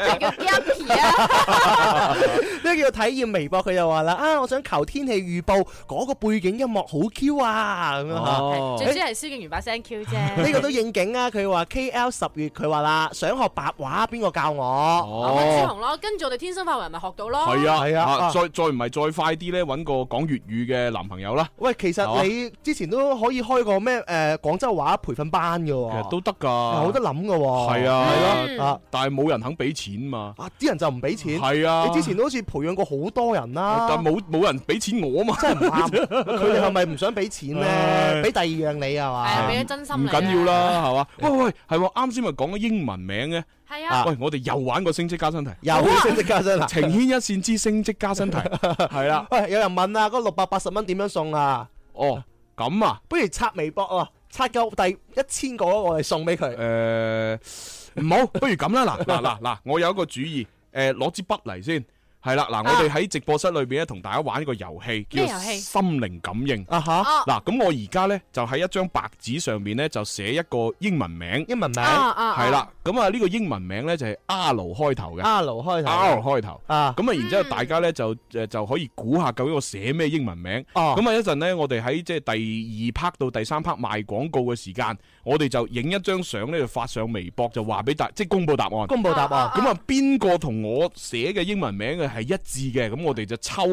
定叫 Jimmy 啊？呢叫體驗微博，佢就話啦：啊，我想求天氣預報嗰個背景音樂好 Q 啊，咁樣吓，最主要係蕭敬語把聲 Q 啫。呢個都應景啊！佢話 K L 十月，佢話啦，想學白話，邊個教我？搵志鴻咯，跟住我哋天生快活人咪學到咯。係啊係啊，再再唔係再快啲咧，搵個講粵語嘅男朋友啦。喂，其實你之前都可以開個咩誒廣州話培訓班噶喎，其實都得噶，好得諗噶。係啊，係咯，但係冇人肯俾錢嘛。啊，啲人就唔俾錢。係啊，你之前都好似培養過好多人啦，但冇冇人俾錢我啊嘛。真係唔啱，佢哋係咪唔想俾錢咧？俾第二樣你係嘛？係啊，俾真心。唔緊要啦，係嘛？喂喂，係喎，啱先咪講咗英文名嘅。係啊。喂，我哋又玩個升職加薪題，又升職加薪題，情牽一線之升職加薪題，係啦。喂，有人問啊，嗰六百八十蚊點樣送啊？哦，咁啊，不如刷微博啊！刷夠第一千個我哋送俾佢。誒，唔好，不如咁啦，嗱嗱嗱，我有一個主意，誒，攞支筆嚟先。係啦，嗱我哋喺直播室裏邊咧，同大家玩一個遊戲，叫做心靈感應。啊哈！嗱，咁我而家咧就喺一張白紙上面咧，就寫一個英文名。英文名，係啦，咁啊呢個英文名咧就係 R 開頭嘅。R 開頭。R 開頭。啊，咁啊，然之後大家咧就誒就可以估下究竟我寫咩英文名。咁啊一陣咧，我哋喺即係第二 part 到第三 part 賣廣告嘅時間，我哋就影一張相咧就發上微博，就話俾大即係公布答案。公布答案。咁啊，邊個同我寫嘅英文名嘅？係一致嘅，咁我哋就抽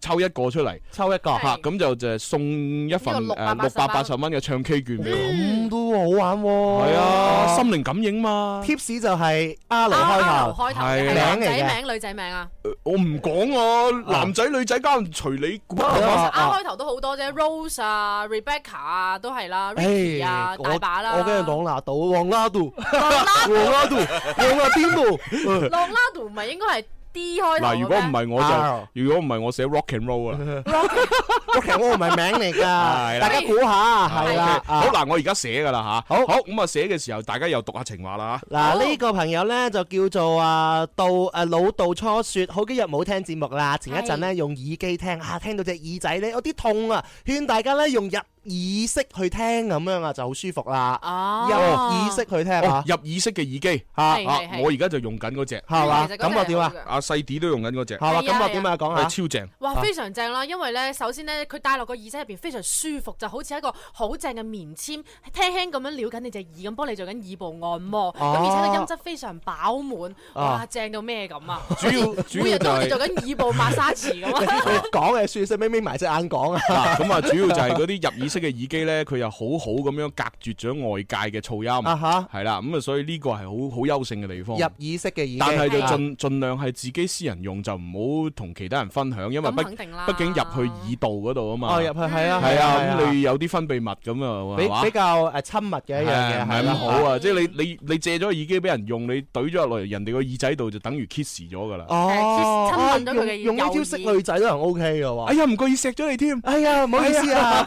抽一個出嚟，抽一個吓，咁就就送一份六百八十蚊嘅唱 K 券俾。咁都好玩，係啊，心靈感應嘛。Tips 就係阿羅開頭，係名仔名女仔名啊。我唔講啊，男仔女仔間隨你估啦。阿開頭都好多啫，Rose 啊，Rebecca 啊，都係啦 Richy 啊，大把啦。我梗係朗拿度，朗拿度，朗拿度，朗拿度？朗拿度。唔係應該係。嗱，如果唔係我就，如果唔係我寫 rock and roll 啊。rock and roll 唔係名嚟噶，大家估下。係啦，好嗱，我而家寫噶啦吓。好，好咁啊，寫嘅時候大家又讀下情話啦。嗱，呢個朋友咧就叫做啊，道誒老道初雪，好幾日冇聽節目啦。前一陣咧用耳機聽啊，聽到隻耳仔咧有啲痛啊，勸大家咧用日耳式去聽咁樣啊，就好舒服啦。哦，入耳式去聽，入耳式嘅耳機啊，我而家就用緊嗰隻，係嘛？咁啊點啊？阿細弟都用緊嗰隻，係嘛？咁啊點啊？講下，超正！哇，非常正啦，因為咧，首先咧，佢戴落個耳仔入邊非常舒服，就好似一個好正嘅棉簽，輕輕咁樣撩緊你隻耳，咁幫你做緊耳部按摩。咁而且個音質非常飽滿，哇，正到咩咁啊？主要主要就係做緊耳部馬殺雞咁啊！講嘅舒適，眯眯埋隻眼講啊！咁啊，主要就係嗰啲入耳。式嘅耳機咧，佢又好好咁樣隔絕咗外界嘅噪音。啊哈，係啦，咁啊，所以呢個係好好優勝嘅地方。入耳式嘅耳但係就盡盡量係自己私人用，就唔好同其他人分享，因為畢竟入去耳道嗰度啊嘛。入去係啊係啊，咁你有啲分泌物咁啊，比比較誒親密嘅一樣嘢。係啦好啊，即係你你你借咗耳機俾人用，你懟咗落嚟人哋個耳仔度，就等於 kiss 咗噶啦。哦，親吻咗佢嘅耳。用呢招識女仔都係 OK 嘅喎。哎呀，唔好意錫咗你添。哎呀，唔好意思啊，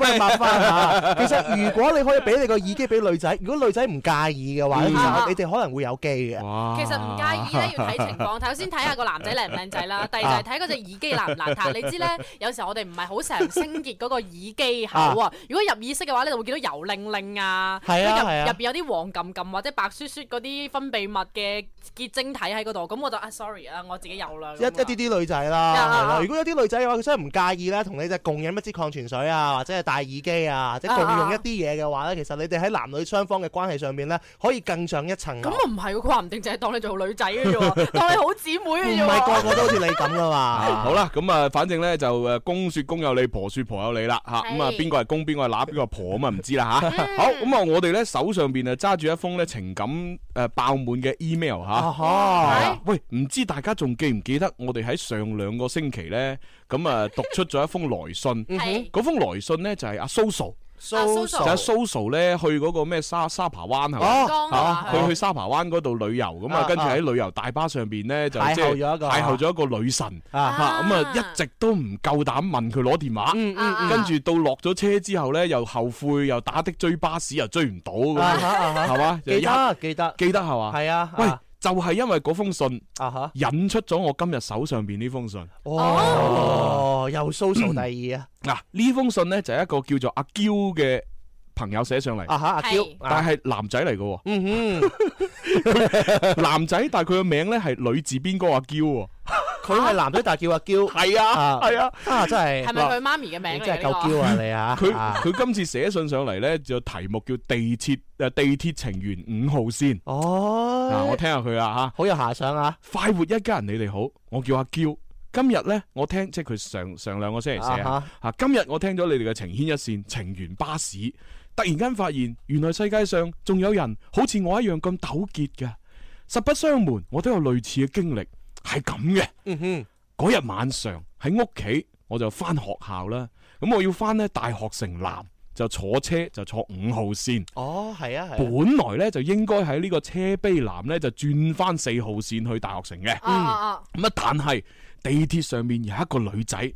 其實如果你可以俾你個耳機俾女仔，如果女仔唔介意嘅話，嗯、你哋可能會有機嘅。啊、其實唔介意咧，要睇情況。首先睇下個男仔靚唔靚仔啦，第二就係睇嗰隻耳機邋唔邋遢。你知咧，有時候我哋唔係好成日清潔嗰個耳機口啊。如果入耳式嘅話，你就會見到油令令啊，啊入入邊、啊、有啲黃冚冚或者白雪雪嗰啲分泌物嘅結晶體喺嗰度。咁我就啊，sorry 啊，sorry, 我自己有啦。一一啲啲女仔啦，啊、如果有啲女仔嘅話，佢真係唔介意咧，同你只共飲一支礦泉水啊，或者係戴耳機。啊！即係利用一啲嘢嘅話咧，其實你哋喺男女雙方嘅關係上面咧，可以更上一層。咁啊，唔係，佢話唔定淨係當你做女仔嘅啫，當你好姊妹嘅啫，唔係個個都、啊啊、好似你咁噶嘛。好啦，咁啊，反正咧就誒，公說公有你，婆說婆有你啦。吓，咁啊，邊個係公，邊個係乸，邊個係婆咁啊，唔知啦吓。好，咁、嗯嗯、啊，我哋咧手上邊啊揸住一封咧情感誒爆滿嘅 email 吓、啊。係、啊啊啊啊。喂，唔知大家仲記唔記得我哋喺上兩個星期咧？咁啊，讀出咗一封來信。嗰封來信咧就係阿蘇蘇，就係蘇蘇咧去嗰個咩沙沙扒灣係咪？啊，去去沙扒灣嗰度旅遊。咁啊，跟住喺旅遊大巴上邊咧就即係邂逅咗一個女神。嚇，咁啊，一直都唔夠膽問佢攞電話。嗯嗯。跟住到落咗車之後咧，又後悔，又打的追巴士，又追唔到。啊啊係嘛？記得記得記得係嘛？係啊。喂。就係因為嗰封信，引出咗我今日手上邊呢封信。哦，哦又蘇數第二、嗯、啊！嗱，呢封信咧就係、是、一個叫做阿嬌嘅。朋友寫上嚟，啊，哈，阿嬌，但係男仔嚟嘅，嗯嗯，男仔但係佢個名咧係女字邊個阿嬌，佢係男仔但叫阿嬌，係啊係啊，啊真係係咪佢媽咪嘅名真係夠嬌啊你啊！佢佢今次寫信上嚟咧，就題目叫地鐵，誒地鐵情緣五號線哦。啊，我聽下佢啊，吓，好有遐想啊！快活一家人，你哋好，我叫阿嬌。今日咧，我聽即係佢上上兩個星期寫啊吓，今日我聽咗你哋嘅情牽一線情緣巴士。突然間發現，原來世界上仲有人好似我一樣咁糾結嘅。實不相瞞，我都有類似嘅經歷，係咁嘅。嗯哼，嗰日晚上喺屋企，我就翻學校啦。咁我要翻咧大學城南，就坐車就坐五號綫。哦，係啊，係啊。本來呢，就應該喺呢個車陂南呢，就轉翻四號綫去大學城嘅。嗯、啊啊咁啊，但係地鐵上面有一個女仔。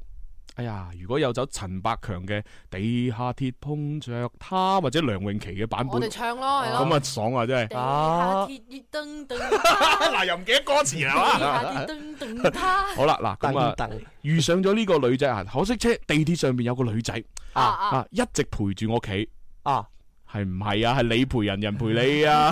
哎呀，如果有走陳百強嘅《地下鐵碰着她》，或者梁詠琪嘅版本，我唱、啊、就唱咯，咁啊爽啊真係！地下鐵叮叮，嗱 又唔記得歌詞係嘛？地下鐵叮叮她，噔噔噔噔噔，好啦，嗱咁啊，遇上咗呢個女仔啊，可惜車地鐵上面有個女仔啊啊，啊，一直陪住我企啊。係唔係啊？係你陪人，人陪你啊！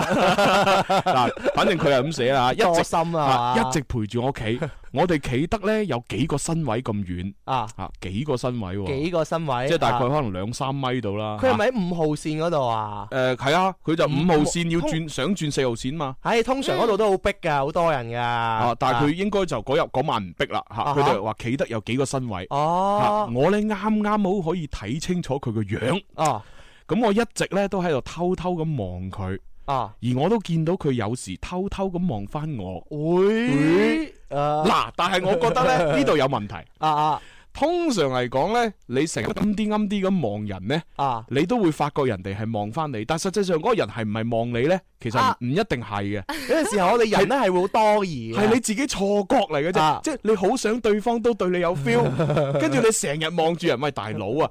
嗱，反正佢係咁寫啦，一直心啊，一直陪住我企。我哋企得咧，有幾個身位咁遠啊？啊，幾個身位？幾個身位？即係大概可能兩三米度啦。佢係咪喺五號線嗰度啊？誒，係啊，佢就五號線要轉，想轉四號線嘛。唉，通常嗰度都好逼噶，好多人噶。啊，但係佢應該就嗰日嗰晚唔逼啦。吓，佢就話企得有幾個身位。哦，我咧啱啱好可以睇清楚佢個樣。哦。咁我一直咧都喺度偷偷咁望佢，啊，而我都見到佢有時偷偷咁望翻我。會，誒，嗱，但係我覺得咧呢度有問題。啊啊，通常嚟講咧，你成日暗啲暗啲咁望人咧，啊，你都會發覺人哋係望翻你，但係實際上嗰個人係唔係望你咧？其實唔一定係嘅。有陣時候我哋人咧係會好多疑。係你自己錯覺嚟嘅啫，即係你好想對方都對你有 feel，跟住你成日望住人，喂，大佬啊！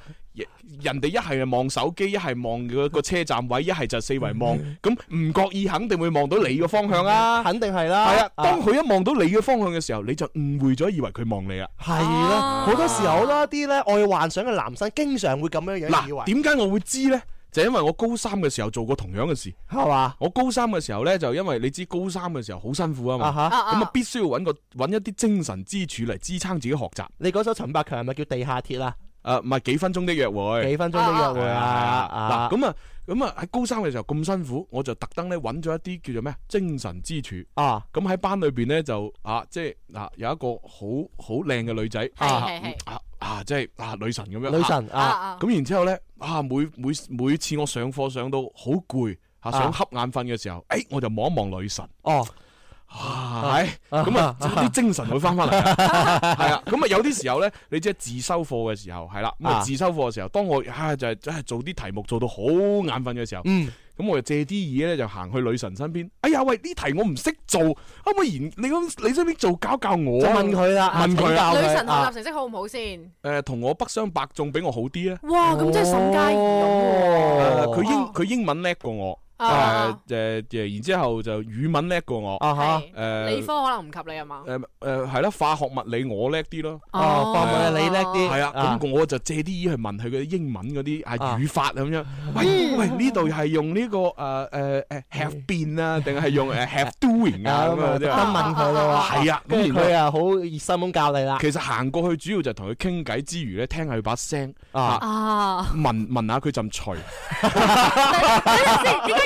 人哋一係望手機，一係望個個車站位，一係就四圍望，咁唔覺意肯定會望到你個方向啊！肯定係啦。係的啊，當佢一望到你嘅方向嘅時候，你就誤會咗，以為佢望你啦。係啦、啊，好多時候啦，啲咧愛幻想嘅男生經常會咁樣樣。嗱、啊，點解我會知呢？就因為我高三嘅時候做過同樣嘅事，係嘛吧？我高三嘅時候呢，就因為你知高三嘅時候好辛苦啊嘛，咁啊哈必須要揾個揾一啲精神支柱嚟支撐自己學習。你嗰首陳百強係咪叫《地下鐵》啊？誒，唔係幾分鐘的約會，幾分鐘的約會啊！嗱，咁啊，咁啊喺、啊、高三嘅時候咁辛苦，我就特登咧揾咗一啲叫做咩精神支柱啊。咁喺、啊、班裏邊咧就啊，即係嗱、啊、有一個好好靚嘅女仔啊是是是啊，即係啊女神咁樣女神啊。咁、啊啊、然之後咧啊，每每每次我上課上到好攰吓，啊、想瞌眼瞓嘅時候，誒、欸，我就望一望女神哦。哦哇，係咁啊！啲精神會翻翻嚟，係啊！咁啊，有啲時候咧，你即係自修課嘅時候，係啦，自修課嘅時候，當我唉就係唉做啲題目做到好眼瞓嘅時候，咁我就借啲嘢咧就行去女神身邊。哎呀，喂，呢題我唔識做，可唔可以？你咁你身邊做教教我？就問佢啦，問佢啦！女神學習成績好唔好先？誒，同我北上百中比，我好啲啊！哇，咁真係甚加易用。佢英佢英文叻過我。誒誒然之後就語文叻過我，誒，理科可能唔及你啊嘛，誒誒係咯，化學物理我叻啲咯。哦，你叻啲。係啊，咁我就借啲意去問佢啲英文嗰啲啊語法咁樣。喂喂，呢度係用呢個誒誒誒 have been 啊，定係用誒 have doing 啊咁啊？即係。得問佢咯。係啊，跟住佢啊好熱心咁教你啦。其實行過去主要就同佢傾偈之餘咧，聽下佢把聲啊，聞聞下佢陣除。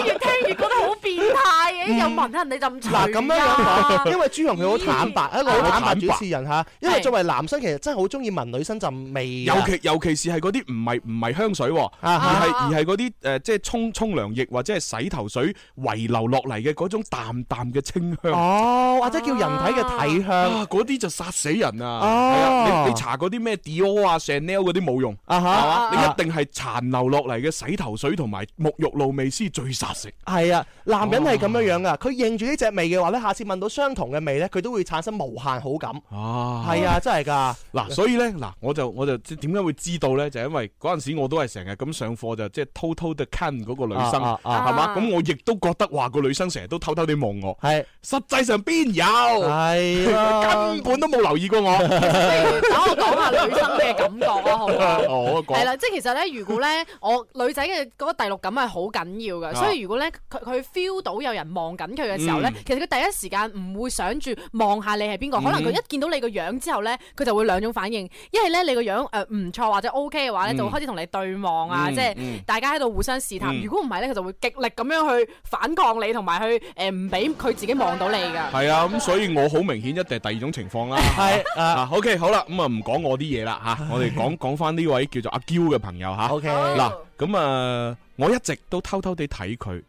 越聽越覺得。變態嘅，一有聞人你就唔，嗱，咁樣樣講，因為朱紅佢好坦白，好坦白主持人吓，因為作為男生其實真係好中意聞女生浸味，尤其尤其是係嗰啲唔係唔係香水，而係而係嗰啲誒，即係沖沖涼液或者係洗頭水遺留落嚟嘅嗰種淡淡嘅清香，哦，或者叫人體嘅體香，嗰啲就殺死人啊！你你搽嗰啲咩 Dior 啊，Chanel 嗰啲冇用啊吓，你一定係殘留落嚟嘅洗頭水同埋沐浴露味先最殺食，係啊。男人係咁樣樣噶，佢認住呢隻味嘅話咧，下次聞到相同嘅味咧，佢都會產生無限好感。啊，係啊，真係㗎。嗱，所以咧，嗱，我就我就點解會知道咧？就因為嗰陣時我都係成日咁上課就即係偷偷地看嗰個女生係嘛，咁我亦都覺得話個女生成日都偷偷地望我。係，實際上邊有？係根本都冇留意過我。等我講下女生嘅感覺啦，好唔好？我講係啦，即係其實咧，如果咧我女仔嘅嗰個第六感係好緊要㗎，所以如果咧佢佢。feel 到有人望緊佢嘅時候咧，其實佢第一時間唔會想住望下你係邊個，可能佢一見到你個樣之後咧，佢就會兩種反應。一係咧你個樣誒唔錯或者 O K 嘅話咧，就會開始同你對望啊，即係大家喺度互相試探。如果唔係咧，佢就會極力咁樣去反抗你，同埋去誒唔俾佢自己望到你噶。係啊，咁所以我好明顯一定係第二種情況啦。係啊，O K，好啦，咁啊唔講我啲嘢啦吓，我哋講講翻呢位叫做阿嬌嘅朋友吓。O K，嗱咁啊，我一直都偷偷地睇佢。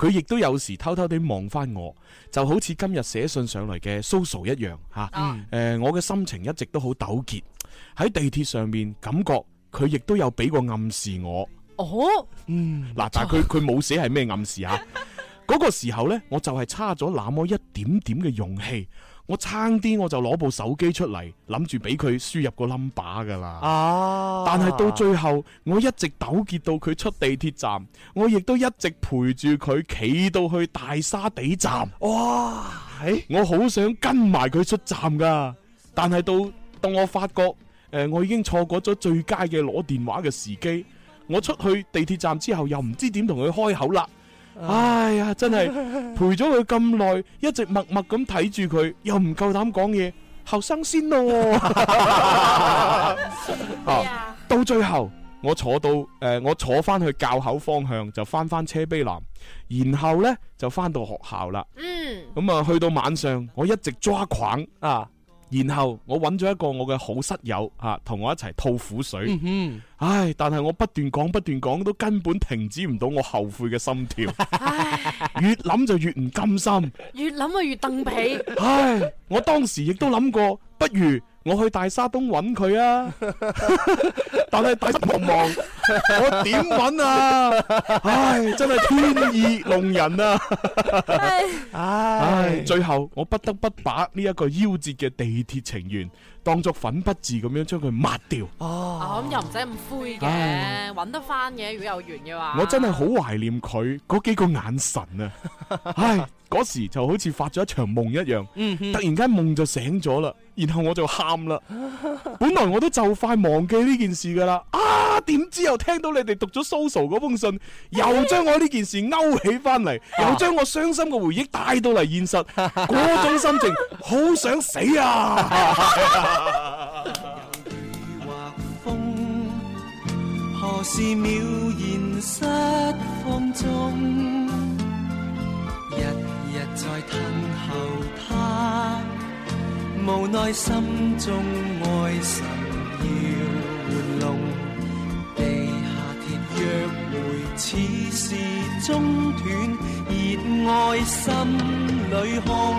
佢亦都有時偷偷地望翻我，就好似今日寫信上嚟嘅蘇蘇一樣嚇。誒、啊嗯呃，我嘅心情一直都好糾結，喺地鐵上面感覺佢亦都有俾個暗示我。哦，嗯，嗱、嗯，但係佢佢冇寫係咩暗示啊？嗰 個時候呢，我就係差咗那麼一點點嘅勇氣。我差啲我就攞部手機出嚟，諗住俾佢輸入個 number 噶啦。啊、但係到最後我一直糾結到佢出地鐵站，我亦都一直陪住佢企到去大沙地站。哇！欸、我好想跟埋佢出站噶，但係到到我發覺，誒、呃、我已經錯過咗最佳嘅攞電話嘅時機。我出去地鐵站之後又唔知點同佢開口啦。哎呀，真係陪咗佢咁耐，一直默默咁睇住佢，又唔夠膽講嘢，後生先咯。到最後我坐到誒、呃，我坐翻去滘口方向就翻翻車陂南，然後呢，就翻到學校啦。嗯，咁啊、嗯，去到晚上我一直抓狂啊。然後我揾咗一個我嘅好室友，吓、啊、同我一齊吐苦水。嗯、哼唉，但係我不斷講，不斷講，都根本停止唔到我後悔嘅心跳。 越諗就越唔甘心，越諗啊越蹬被。唉，我當時亦都諗過，不如。我去大沙東揾佢啊！ 但係大失茫茫， 我點揾啊？唉，真係天意弄人啊！唉，唉，唉，最後我不得不把呢一個夭折嘅地鐵情緣當作粉筆字咁樣將佢抹掉。哦、啊，咁又唔使咁灰嘅，揾唉得翻嘅，如果有緣嘅話。我真係好懷念佢嗰幾個眼神啊！唉，嗰時就好似發咗一場夢一樣，嗯嗯、突然間夢就醒咗啦。然後我就喊啦，本來我都快就快忘記呢件事噶啦，啊點知又聽到你哋讀咗蘇蘇嗰封信，又將我呢件事勾起翻嚟，又將我傷心嘅回憶帶到嚟現實，嗰、啊、種心情好 想死啊！有 雨或風，何事渺然失芳蹤，日日再等候他。無奈心中愛神要玩弄，地下鐵約會似是中斷，熱愛心裏空。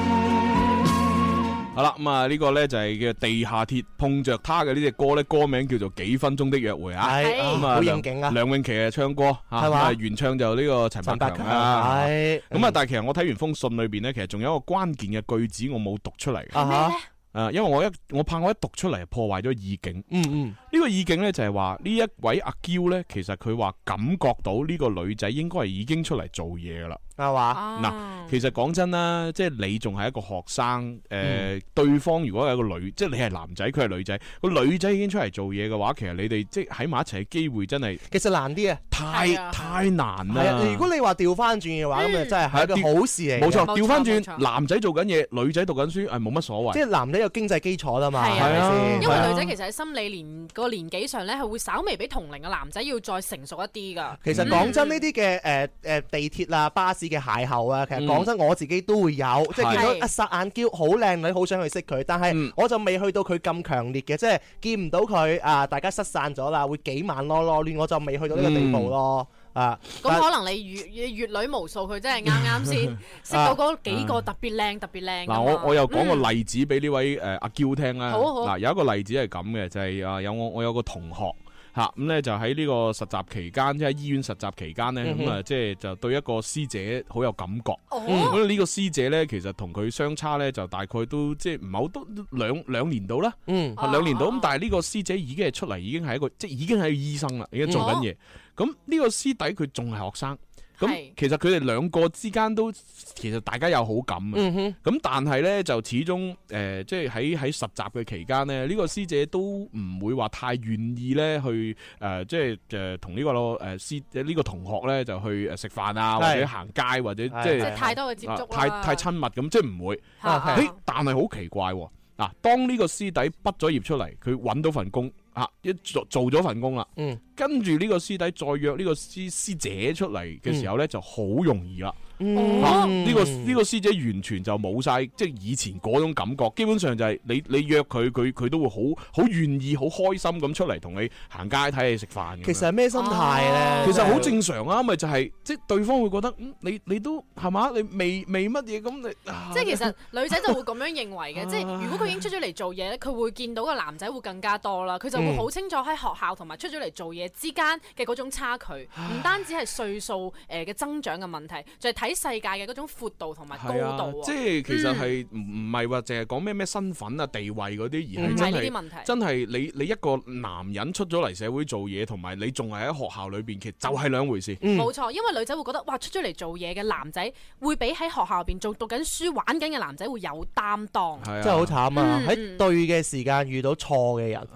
好啦，咁啊呢個咧就係叫地下鐵碰着他嘅呢隻歌咧，歌名叫做《幾分鐘的約會》，嗯嗯、啊。係好應景啊！梁詠琪啊，唱歌吓，咁原唱就呢個陳百強啊。係咁啊，嗯、但係其實我睇完封信裏邊呢，其實仲有一個關鍵嘅句子我冇讀出嚟。咩咧？誒，因為我一我怕我一讀出嚟破壞咗意境。嗯嗯，呢個意境咧就係話呢一位阿嬌咧，其實佢話感覺到呢個女仔應該係已經出嚟做嘢噶啦。啊話嗱，其實講真啦，即係你仲係一個學生，誒對方如果係一個女，即係你係男仔，佢係女仔，個女仔已經出嚟做嘢嘅話，其實你哋即係喺埋一齊嘅機會真係其實難啲啊！太太難啦！如果你話調翻轉嘅話，咁就真係係一個好事嚟，冇錯。調翻轉男仔做緊嘢，女仔讀緊書，誒冇乜所謂。即係男仔有經濟基礎啦嘛，係咪先？因為女仔其實喺心理年個年紀上咧，係會稍微比同齡嘅男仔要再成熟一啲㗎。其實講真，呢啲嘅誒誒地鐵啊、巴士嘅邂逅啊，其實講真，我自己都會有，嗯、即係見到阿、啊、剎是眼嬌，好靚女，好想去識佢，但係我就未去到佢咁強烈嘅，嗯、即係見唔到佢啊，大家失散咗啦，會幾晚囉囉亂，我就未去到呢個地步咯、嗯、啊。咁但可能你閱閱女無數，佢真係啱啱先識到嗰幾個特別靚、啊、特別靚。嗱、啊，我我又講個例子俾呢位誒阿、啊、嬌聽啦。嗱好、啊，有一個例子係咁嘅，就係啊，有我我有個同學。吓，咁咧就喺呢個實習期間，即係醫院實習期間咧，咁啊、嗯、哼即係就對一個師姐好有感覺。咁呢、哦嗯、個師姐咧，其實同佢相差咧就大概都即係唔係好多兩兩年到啦。嗯，兩年到。咁但係呢個師姐已經係出嚟，已經係一個即係已經係一個醫生啦，已經做緊嘢。咁呢、哦、個師弟佢仲係學生。咁其實佢哋兩個之間都其實大家有好感嘅，咁、嗯、哼但係咧就始終誒、呃、即係喺喺實習嘅期間咧，呢、呢個師姐都唔會話太願意咧去誒、呃、即係誒同呢個誒、呃、師呢、呢個同學咧就去誒食飯啊或者行街或者即係太多嘅接觸、呃、太太親密咁即係唔會。哦、但係好奇怪嗱、啊，當呢個師弟畢咗業出嚟，佢揾到份工。啊！一做做咗份工啦，嗯、跟住呢個師弟再約呢個師師姐出嚟嘅時候咧，嗯、就好容易啦。呢個呢、呢個師姐完全就冇晒即係以前嗰種感覺。基本上就係你你約佢，佢佢都會好好願意、好開心咁出嚟同你行街睇你食飯。其實係咩心態咧？啊、其實好正常啊，咪就係即係對方會覺得，嗯、你你都係嘛？你未未乜嘢咁你？啊、即係其實女仔就會咁樣認為嘅， 即係如果佢已經出咗嚟做嘢，佢會見到個男仔會更加多啦。佢就會好清楚喺學校同埋出咗嚟做嘢之間嘅嗰種差距，唔單止係歲數誒嘅增長嘅問題，就睇啲世界嘅嗰種闊度同埋高度啊！即係其實係唔唔係話淨係講咩咩身份啊地位嗰啲，而係真係真係你你一個男人出咗嚟社會做嘢，同埋你仲係喺學校裏邊，其實就係兩回事。冇錯，因為女仔會覺得哇，出咗嚟做嘢嘅男仔會比喺學校入邊做讀緊書玩緊嘅男仔會有擔當。係啊，真係好慘啊！喺對嘅時間遇到錯嘅人，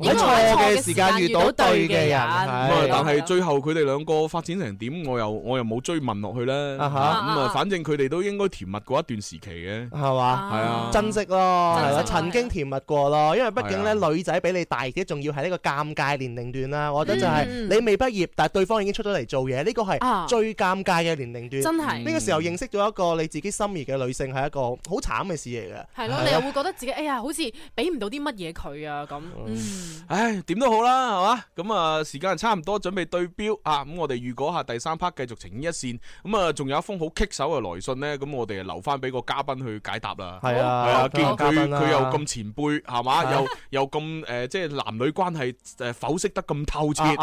喺錯嘅時間遇到對嘅人。唔係，但係最後佢哋兩個發展成點，我又我又冇追問落去啦。吓咁啊，反正佢哋都應該甜蜜過一段時期嘅，係嘛吧？係啊，珍惜、啊、咯，係啊，曾經甜蜜過咯。因為畢竟咧，女仔比你大啲，仲要係呢個尷尬年齡段啦。我覺得就係你未畢業，但係對方已經出咗嚟做嘢，呢個係最尷尬嘅年齡段。啊、真係呢、嗯、個時候認識咗一個你自己心儀嘅女性，係一個好慘嘅事嚟嘅。係咯、嗯啊，你又會覺得自己哎呀，好似俾唔到啲乜嘢佢啊咁。嗯，嗯唉，點都好啦，係嘛？咁啊，時間差唔多，準備對標啊。咁、啊、我哋預告下第三 part 繼續情牽一線。咁啊，仲有。一封好棘手嘅來信咧，咁我哋啊留翻俾個嘉賓去解答啦。係啊，啊，既然佢佢又咁前輩係嘛？又又咁誒，即係男女關係誒，剖析得咁透徹，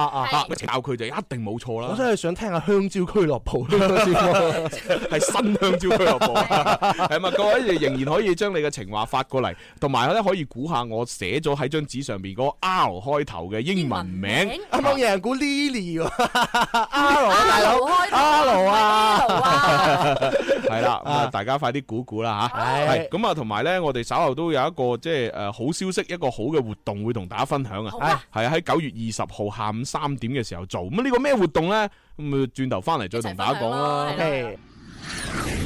教佢就一定冇錯啦。我真係想聽下香蕉俱樂部，係新香蕉俱樂部係嘛？各位仍然可以將你嘅情話發過嚟，同埋咧可以估下我寫咗喺張紙上邊個 R 開頭嘅英文名，有冇人估 Lily？R 開頭，R 啊。係啦，咁 了啊，大家快啲估估啦吓。係咁啊，同埋咧，我哋稍後都有一個即係誒、呃、好消息，一個好嘅活動會同大家分享啊。係啊，喺九月二十號下午三點嘅時候做。咁呢個咩活動咧？咁啊，轉頭翻嚟再同大家講啦。的的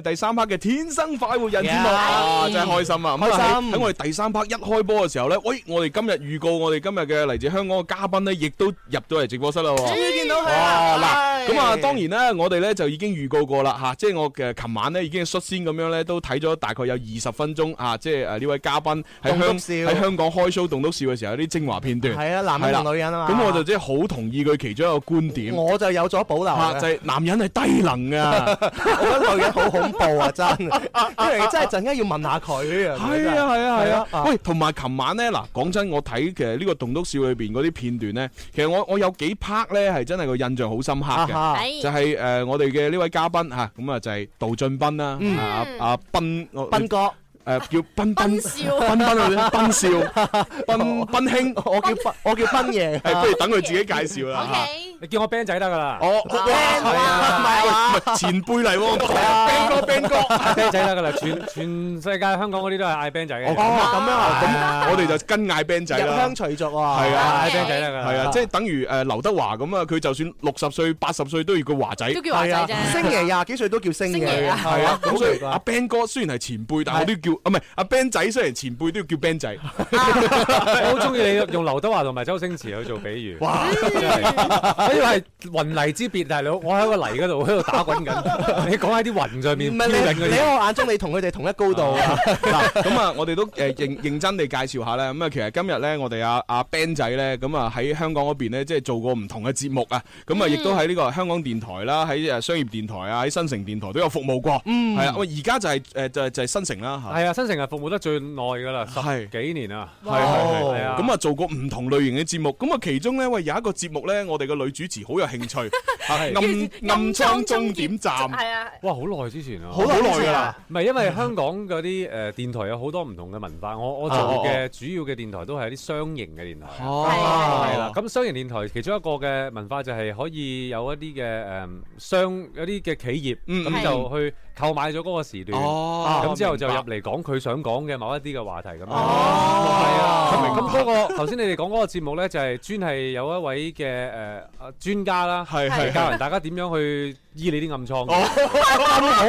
第三 part 嘅天生快活人，哇 Yeah.、啊！真、就、係、是、開心啊！開心喺我哋第三 part 一開波嘅時候咧，喂！我哋今日預告我哋今日嘅嚟自香港嘅嘉賓咧，亦都入咗嚟直播室啦。終於見到佢啦！咁啊，哎啊，當然咧，我哋咧就已經預告過啦吓、啊，即係我嘅琴晚咧已經率先咁樣咧都睇咗大概有二十分鐘啊，即係誒呢位嘉賓喺香喺香港開 show 棟篤笑嘅時候有啲精華片段。係啊、嗯，男人女人啊嘛。咁我就即係好同意佢其中一個觀點。我就有咗保留、啊。就係、是、男人係低能㗎！呢套嘢好好。恐怖 啊！真，真係陣間要問下佢呢樣。係啊，係啊，係啊。啊喂，同埋琴晚咧，嗱，講真，我睇其實呢個《棟篤笑》裏邊嗰啲片段咧，其實我我有幾 part 咧係真係個印象好深刻嘅，就係誒我哋嘅呢位嘉賓嚇，咁啊就係杜浚斌啦，阿阿斌斌哥。啊啊誒叫斌斌斌斌，斌啊，斌少，斌斌兄，我叫斌，我叫斌爺。不如等佢自己介紹啦。你叫我 band 仔得噶啦。哦，band 啊，係嘛？前輩嚟喎，band 哥，band 哥，band 仔得噶啦。全全世界香港嗰啲都係嗌 band 仔嘅。哦，咁樣啊，咁啊，我哋就跟嗌 band 仔啦。入鄉隨俗啊。係啊，band 仔得㗎。係啊，即係等於誒劉德華咁啊，佢就算六十歲、八十歲都要叫華仔。都叫華仔啫。星爺廿幾歲都叫星爺，係啊。咁所以阿 band 哥雖然係前輩，但係都叫。啊，唔係阿 Ben 仔，雖然前輩都要叫 Ben 仔，我好中意你用劉德華同埋周星馳去做比喻。哇！呢個係雲泥之別，大佬，我喺個泥嗰度喺度打滾緊。你講喺啲雲上面飄緊嗰啲。唔係，你喺我眼中，你同佢哋同一高度。嗱咁啊，我哋都誒認認真地介紹下咧。咁啊，其實今日咧，我哋阿阿 Ben 仔咧，咁啊喺香港嗰邊咧，即係做過唔同嘅節目啊。咁啊，亦都喺呢個香港電台啦，喺誒商業電台啊，喺新城電台都有服務過。嗯。係啊，喂，而家就係誒就係就係新城啦嚇。啊！新城係服務得最耐噶啦，十幾年啊！哦，咁啊，做過唔同類型嘅節目，咁啊，其中咧喂有一個節目咧，我哋嘅女主持好有興趣，暗暗窗終點站，哇！好耐之前啊，好耐噶啦，唔係因為香港嗰啲誒電台有好多唔同嘅文化，我我做嘅主要嘅電台都係一啲商營嘅電台，係啦，咁商營電台其中一個嘅文化就係可以有一啲嘅誒商一啲嘅企業咁就去。購買咗嗰個時段，咁、哦、之後就入嚟講佢想講嘅某一啲嘅話題咁咯。係啊、哦，咁嗰、嗰個頭先、哦、你哋講嗰個節目咧，就係專係有一位嘅誒、 呃、專家啦，係係教人大家點樣去。醫你啲暗瘡，好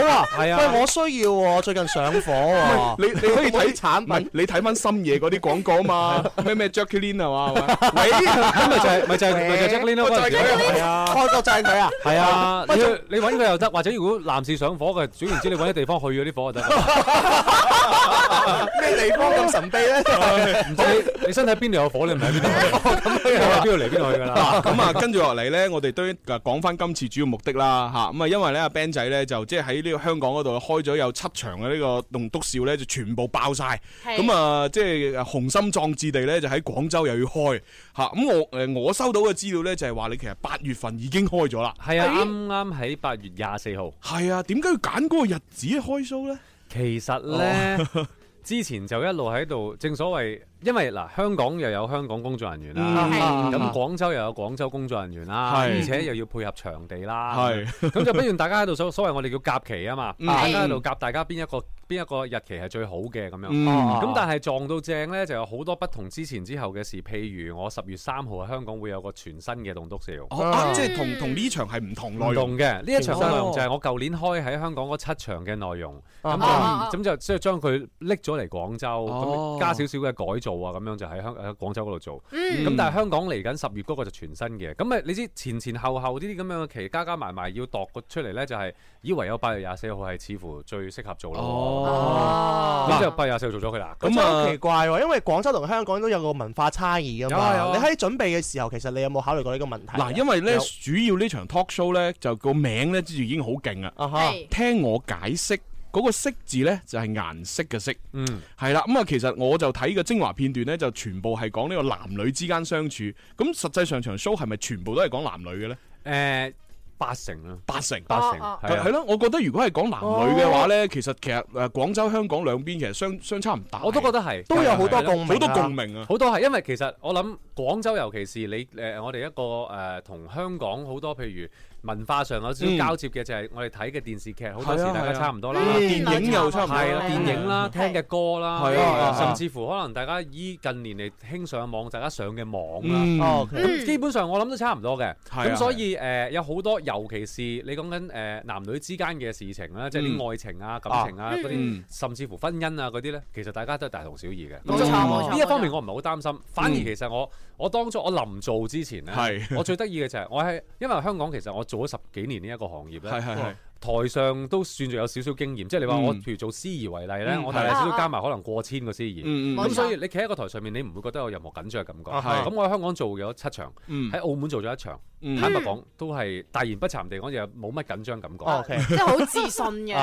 啊，係啊！喂，我需要喎，最近上火喎。你你可以睇產，唔係你睇翻深夜嗰啲廣告啊嘛？咩咩 Jacqueline 係嘛？咪就係咪就係 Jacqueline 咯？開國就係佢啊！係啊，你揾佢又得，或者如果男士上火嘅，總言之你揾啲地方去咗啲火就得。咩地方咁神秘咧？唔知你身體邊度有火，你唔喺邊度？邊度嚟邊度去噶啦？咁啊，跟住落嚟咧，我哋都講翻今次主要目的啦。啊，咁啊，因為咧阿 Ben 仔咧就即係喺呢個香港嗰度開咗有七場嘅呢個棟篤笑咧就全部爆晒，咁是啊即係、就是、雄心壯志地咧就喺廣州又要開，吓、啊、咁、啊、我誒、啊、我收到嘅資料咧就係、是、話你其實八月份已經開咗啦，係啊，啱啱喺八月廿四號，係啊，點解要揀嗰個日子開 show 咧？其實咧。哦 之前就一路喺度，正所謂，因為嗱，香港又有香港工作人員啦、啊，咁、嗯、廣州又有廣州工作人員啦、啊，是而且又要配合場地啦，咁是就不如大家喺度所所謂我哋叫夾期啊嘛，是大家喺度夾大家邊一個邊一個日期係最好嘅咁樣？咁但係撞到正呢，就有好多不同之前之後嘅事。譬如我十月三號喺香港會有個全新嘅棟篤笑，即係同同呢場係唔同內容嘅。呢一場內容就係我舊年開喺香港嗰七場嘅內容。咁就即係將佢拎咗嚟廣州，加少少嘅改造啊，咁樣就喺香喺廣州嗰度做。咁但係香港嚟緊十月嗰個就全新嘅。咁啊，你知前前後後呢啲咁樣嘅期加加埋埋要度出嚟呢，就係。以為有八月廿四號係似乎最適合做咯。哦，咁就八月廿四號做咗佢啦。咁好奇怪喎，因為廣州同香港都有個文化差異㗎嘛。有啊有啊，你喺準備嘅時候，其實你有冇考慮過呢個問題？嗱，因為咧有主要呢場 talk show 咧就個名咧之住已經好勁啊。啊哈、uh，huh. 聽我解釋，嗰、那個色字咧就係、是、顏色嘅色。嗯。嗯，係啦，咁啊其實我就睇個精華片段咧，就全部係講呢個男女之間相處。咁實際上場 show 係咪全部都係講男女嘅咧？誒、嗯。八成啊，八成八成係啦。對我覺得如果係講男女嘅話呢，啊、其實其實誒廣州香港兩邊其實相相差唔大。我都覺得係，都有好多共好多共鳴啊，好多係因為其實我諗廣州尤其是你誒我哋一個誒同、呃、香港好多譬如。文化上有少少交接嘅就係我哋睇嘅電視劇，好多時大家差唔多啦。電影又差唔多，係啦，電影啦，聽嘅歌啦，甚至乎可能大家依近年嚟興上網，大家上嘅網啦。哦，基本上我諗都差唔多嘅。咁所以誒，有好多，尤其是你講緊誒男女之間嘅事情啦，即係啲愛情啊、感情啊嗰啲，甚至乎婚姻啊嗰啲咧，其實大家都係大同小異嘅。冇錯，呢一方面我唔係好擔心，反而其實我我當初我臨做之前咧，我最得意嘅就係我係因為香港其實我。做咗十幾年呢一個行業咧，台上都算仲有少少經驗。即係你話我，譬如做司儀為例咧，我大少少加埋可能過千個司儀。咁所以你企喺個台上面，你唔會覺得有任何緊張嘅感覺。咁我喺香港做咗七場，喺澳門做咗一場。坦白講，都係大言不慚地講嘢，冇乜緊張感覺，即係好自信嘅。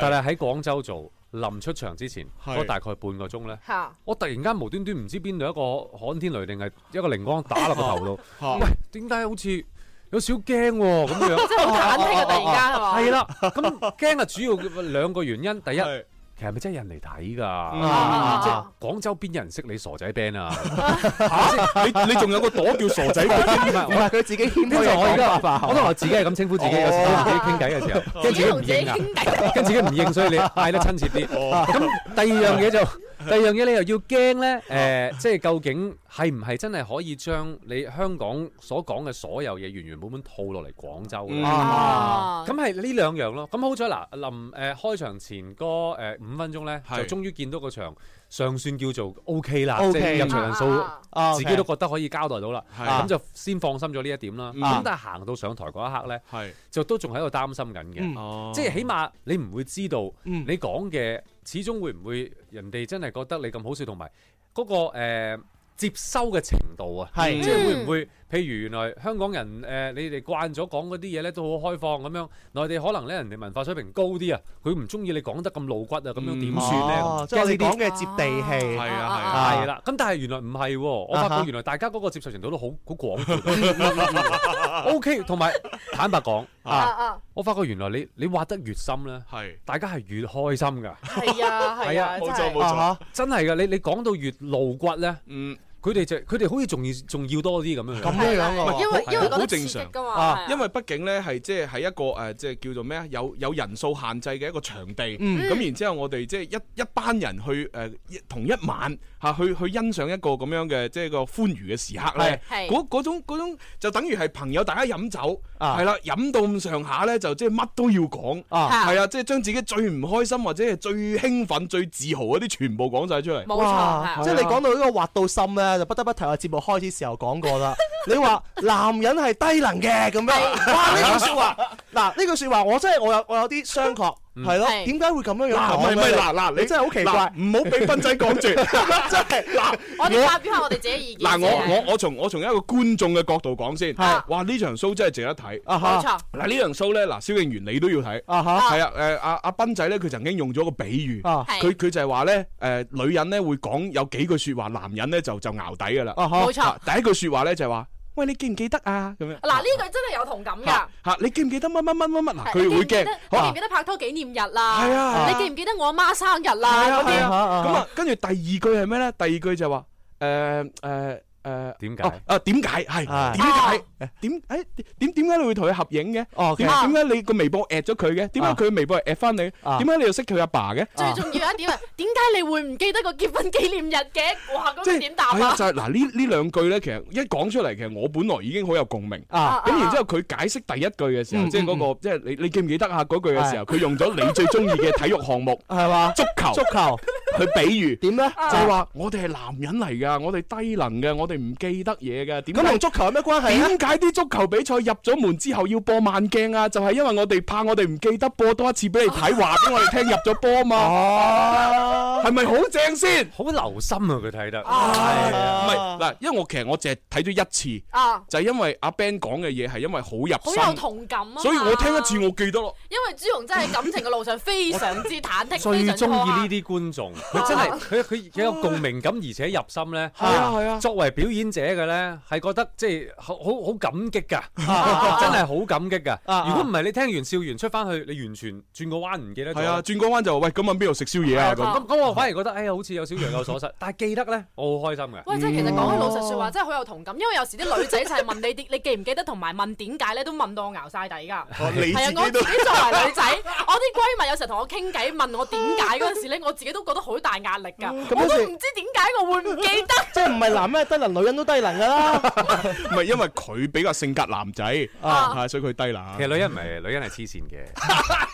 但係喺廣州做，臨出場之前嗰大概半個鐘咧，我突然間無端端唔知邊度一個旱天雷定係一個靈光打落個頭度。喂，點解好似？有少驚喎，咁樣真係好忐忑啊！突然間係嘛？係啦，咁驚啊！主要兩個原因，第一，其實係咪真係人嚟睇㗎？即廣州邊有人識你傻仔 band 啊？你你仲有個朵叫傻仔 band 唔係佢自己牽呢個我而家我都話自己係咁稱呼自己，有時自己傾偈嘅時候，跟自己唔認啊，跟自己唔認，所以你嗌得親切啲。咁第二樣嘢就。 第二樣嘢你又要驚呢，誒、呃，即係究竟係唔係真係可以將你香港所講嘅所有嘢原原本本套落嚟廣州嘅？咁係呢兩樣咯。咁好彩啦，臨誒、呃、開場前個、呃、五分鐘呢，是就終於見到個場。尚算叫做 O、OK、K 啦，okay，即係入場人數自己都覺得可以交代到啦，咁、啊 okay，啊、就先放心咗呢一點啦。咁、嗯、但係行到上台嗰一刻咧，嗯、就都仲喺度擔心緊嘅，嗯、即係起碼你唔會知道你講嘅始終會唔會人哋真係覺得你咁好笑，同埋嗰個、呃、接收嘅程度啊，係即係會唔會？譬如原來香港人誒，你哋慣咗講嗰啲嘢咧，都好開放咁樣。內地可能咧，人哋文化水平高啲啊，佢唔中意你講得咁露骨啊，咁樣點算咧？即係你講嘅接地氣。係啊係啊，係啦。咁但係原來唔係喎，我發覺原來大家嗰個接受程度都好好廣。OK，同埋坦白講啊，我發覺原來你你挖得越深咧，係大家係越開心㗎。係啊係啊，冇錯冇錯，真係㗎。你你講到越露骨咧，嗯。佢哋就佢哋好似仲要仲要多啲咁樣的。咁樣樣啊，唔係因為因為好正常㗎嘛啊，的因為畢竟咧係即係喺一個誒即係叫做咩啊，有有人數限制嘅一個場地。咁、嗯、然之後我哋即係一一班人去誒、呃、同一晚。嚇去去欣賞一個咁樣嘅即係個歡愉嘅時刻咧，嗰嗰種，種就等於係朋友大家飲酒，係啦、啊、飲到咁上下咧，就即係乜都要講，係啊，即係將自己最唔開心或者係最興奮、最自豪嗰啲全部講晒出嚟。冇錯，哇的即係你講到呢個滑到滑呢個挖到心咧，就不得不提下節目開始時候講過啦。 你話男人係低能嘅咁樣，哇呢句説話，嗱呢句説話我真係我有我有啲商榷。係咯，點解會咁樣樣？嗱，唔係，唔係，嗱，嗱，你真係好奇怪，唔好俾斌仔講住，真係。嗱，我哋發表下我哋自己意見。嗱，我我我從我從一個觀眾嘅角度講先。係，哇，呢場 show 真係值得睇。啊哈，冇錯。嗱，呢場 show 咧，嗱，蕭敬源你都要睇。啊哈，係啊，誒，阿阿斌仔咧，佢曾經用咗個比喻。佢佢就係話咧，誒，女人咧會講有幾句說話，男人咧就就淆底噶啦。啊冇錯。第一句說話咧就係話。喂，你記唔記得啊？咁樣嗱，呢、啊啊、句真係有同感噶吓、啊啊，你記唔記得乜乜乜乜乜？佢、啊、會驚，我記唔記、啊、記記得拍拖紀念日啦？係啊，啊啊你記唔記得我阿媽生日啦？有啲咁啊，跟住第二句係咩咧？第二句就話誒誒。呃啊誒，點解？哦，點解係？點解？點誒？點點解你會同佢合影嘅？哦，點解你個微博 at 咗佢嘅？點解佢嘅微博係 at 翻你？點解你又識佢阿爸嘅？最重要一點係，點解你會唔記得個結婚紀念日嘅？哇，咁點答啊？係啊，就係嗱呢呢兩句咧。其實一講出嚟，其實我本來已經好有共鳴。啊，咁然之後佢解釋第一句嘅時候，即係嗰個即係你你記唔記得啊嗰句嘅時候，佢用咗你最中意嘅體育項目係嘛？足球，足球。佢比喻點咧？就話我哋係男人嚟㗎，我哋低能嘅，我哋唔記得嘢㗎。點咁同足球有咩關係啊？點解啲足球比賽入咗門之後要播慢鏡啊？就係因為我哋怕我哋唔記得播多一次俾你睇，話俾我哋聽入咗波嘛。哦，係咪好正先？好留心啊！佢睇得，唔係嗱，因為我其實我淨係睇咗一次，就因為阿 Ben 講嘅嘢係因為好入心，好有同感啊，所以我聽一次我記得咯。因為朱紅真係感情嘅路上非常之忐忑，最中意呢啲觀眾。佢真係佢佢有個共鳴感，而且入心咧。係啊係啊，作為表演者嘅咧，係覺得即係好好好感激㗎，真係好感激㗎。如果唔係你聽完笑完出翻去，你完全轉個彎唔記得。係啊，轉個彎就喂，咁啊邊度食宵夜啊咁。咁我反而覺得，好似有少少有所失。但係記得咧，我好開心嘅。喂，即係其實講開老實説話，真係好有同感。因為有時啲女仔就係問你啲，你記唔記得同埋問點解咧，都問到我熬晒底㗎。係啊，我自己作為女仔，我啲閨蜜有時候同我傾偈問我點解嗰陣時咧，我自己都覺得。好大壓力㗎，嗯、我都唔知點解我會唔記得、嗯。即係唔係男人低能， 女人都低能㗎啦。唔係因為佢比較性格男仔啊，啊所以佢低能。其實女人唔係， 女人係黐線嘅。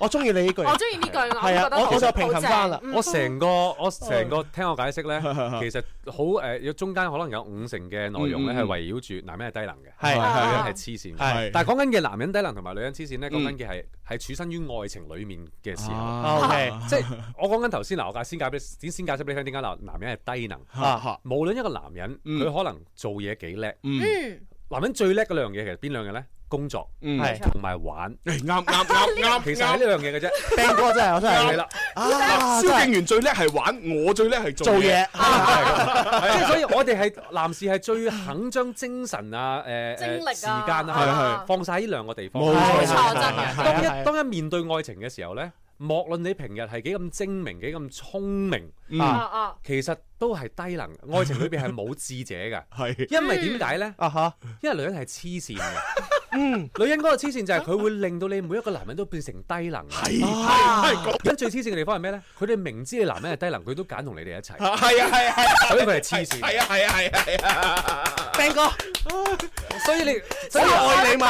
我中意你句，我中意呢句，我係啊，我就平衡翻啦。我成個，我成個聽我解釋咧，其實好誒，有中間可能有五成嘅內容咧係圍繞住男人係低能嘅，係係女人係黐線嘅。但係講緊嘅男人低能同埋女人黐線咧，講緊嘅係係處身於愛情裡面嘅事。O K，即係我講緊頭先嗱，我介先解釋俾點先解釋俾你聽點解嗱，男人係低能。無論一個男人佢可能做嘢幾叻，男人最叻嘅兩樣嘢其實邊兩樣嘢咧？工作，嗯，係同埋玩，啱啱啱啱，其實係呢樣嘢嘅啫。兵哥真係，我真係係啦。啊，蕭敬元最叻係玩，我最叻係做嘢。啊，即係所以，我哋係男士係最肯將精神啊，誒，精力啊，時間啊，係係放曬喺呢兩個地方。冇錯，真係。當一當一面對愛情嘅時候咧。莫論你平日係幾咁精明，幾咁聰明，啊啊，其實都係低能。愛情裏邊係冇智者嘅，係，因為點解咧？啊吓，因為女人係痴線嘅。嗯，女人嗰個痴線就係佢會令到你每一個男人都變成低能。係係係咁，最痴線嘅地方係咩咧？佢哋明知你男人係低能，佢都揀同你哋一齊。係啊係啊係所以佢係痴線。係啊係啊係啊，Ben 哥。所以你，所以愛你嘛，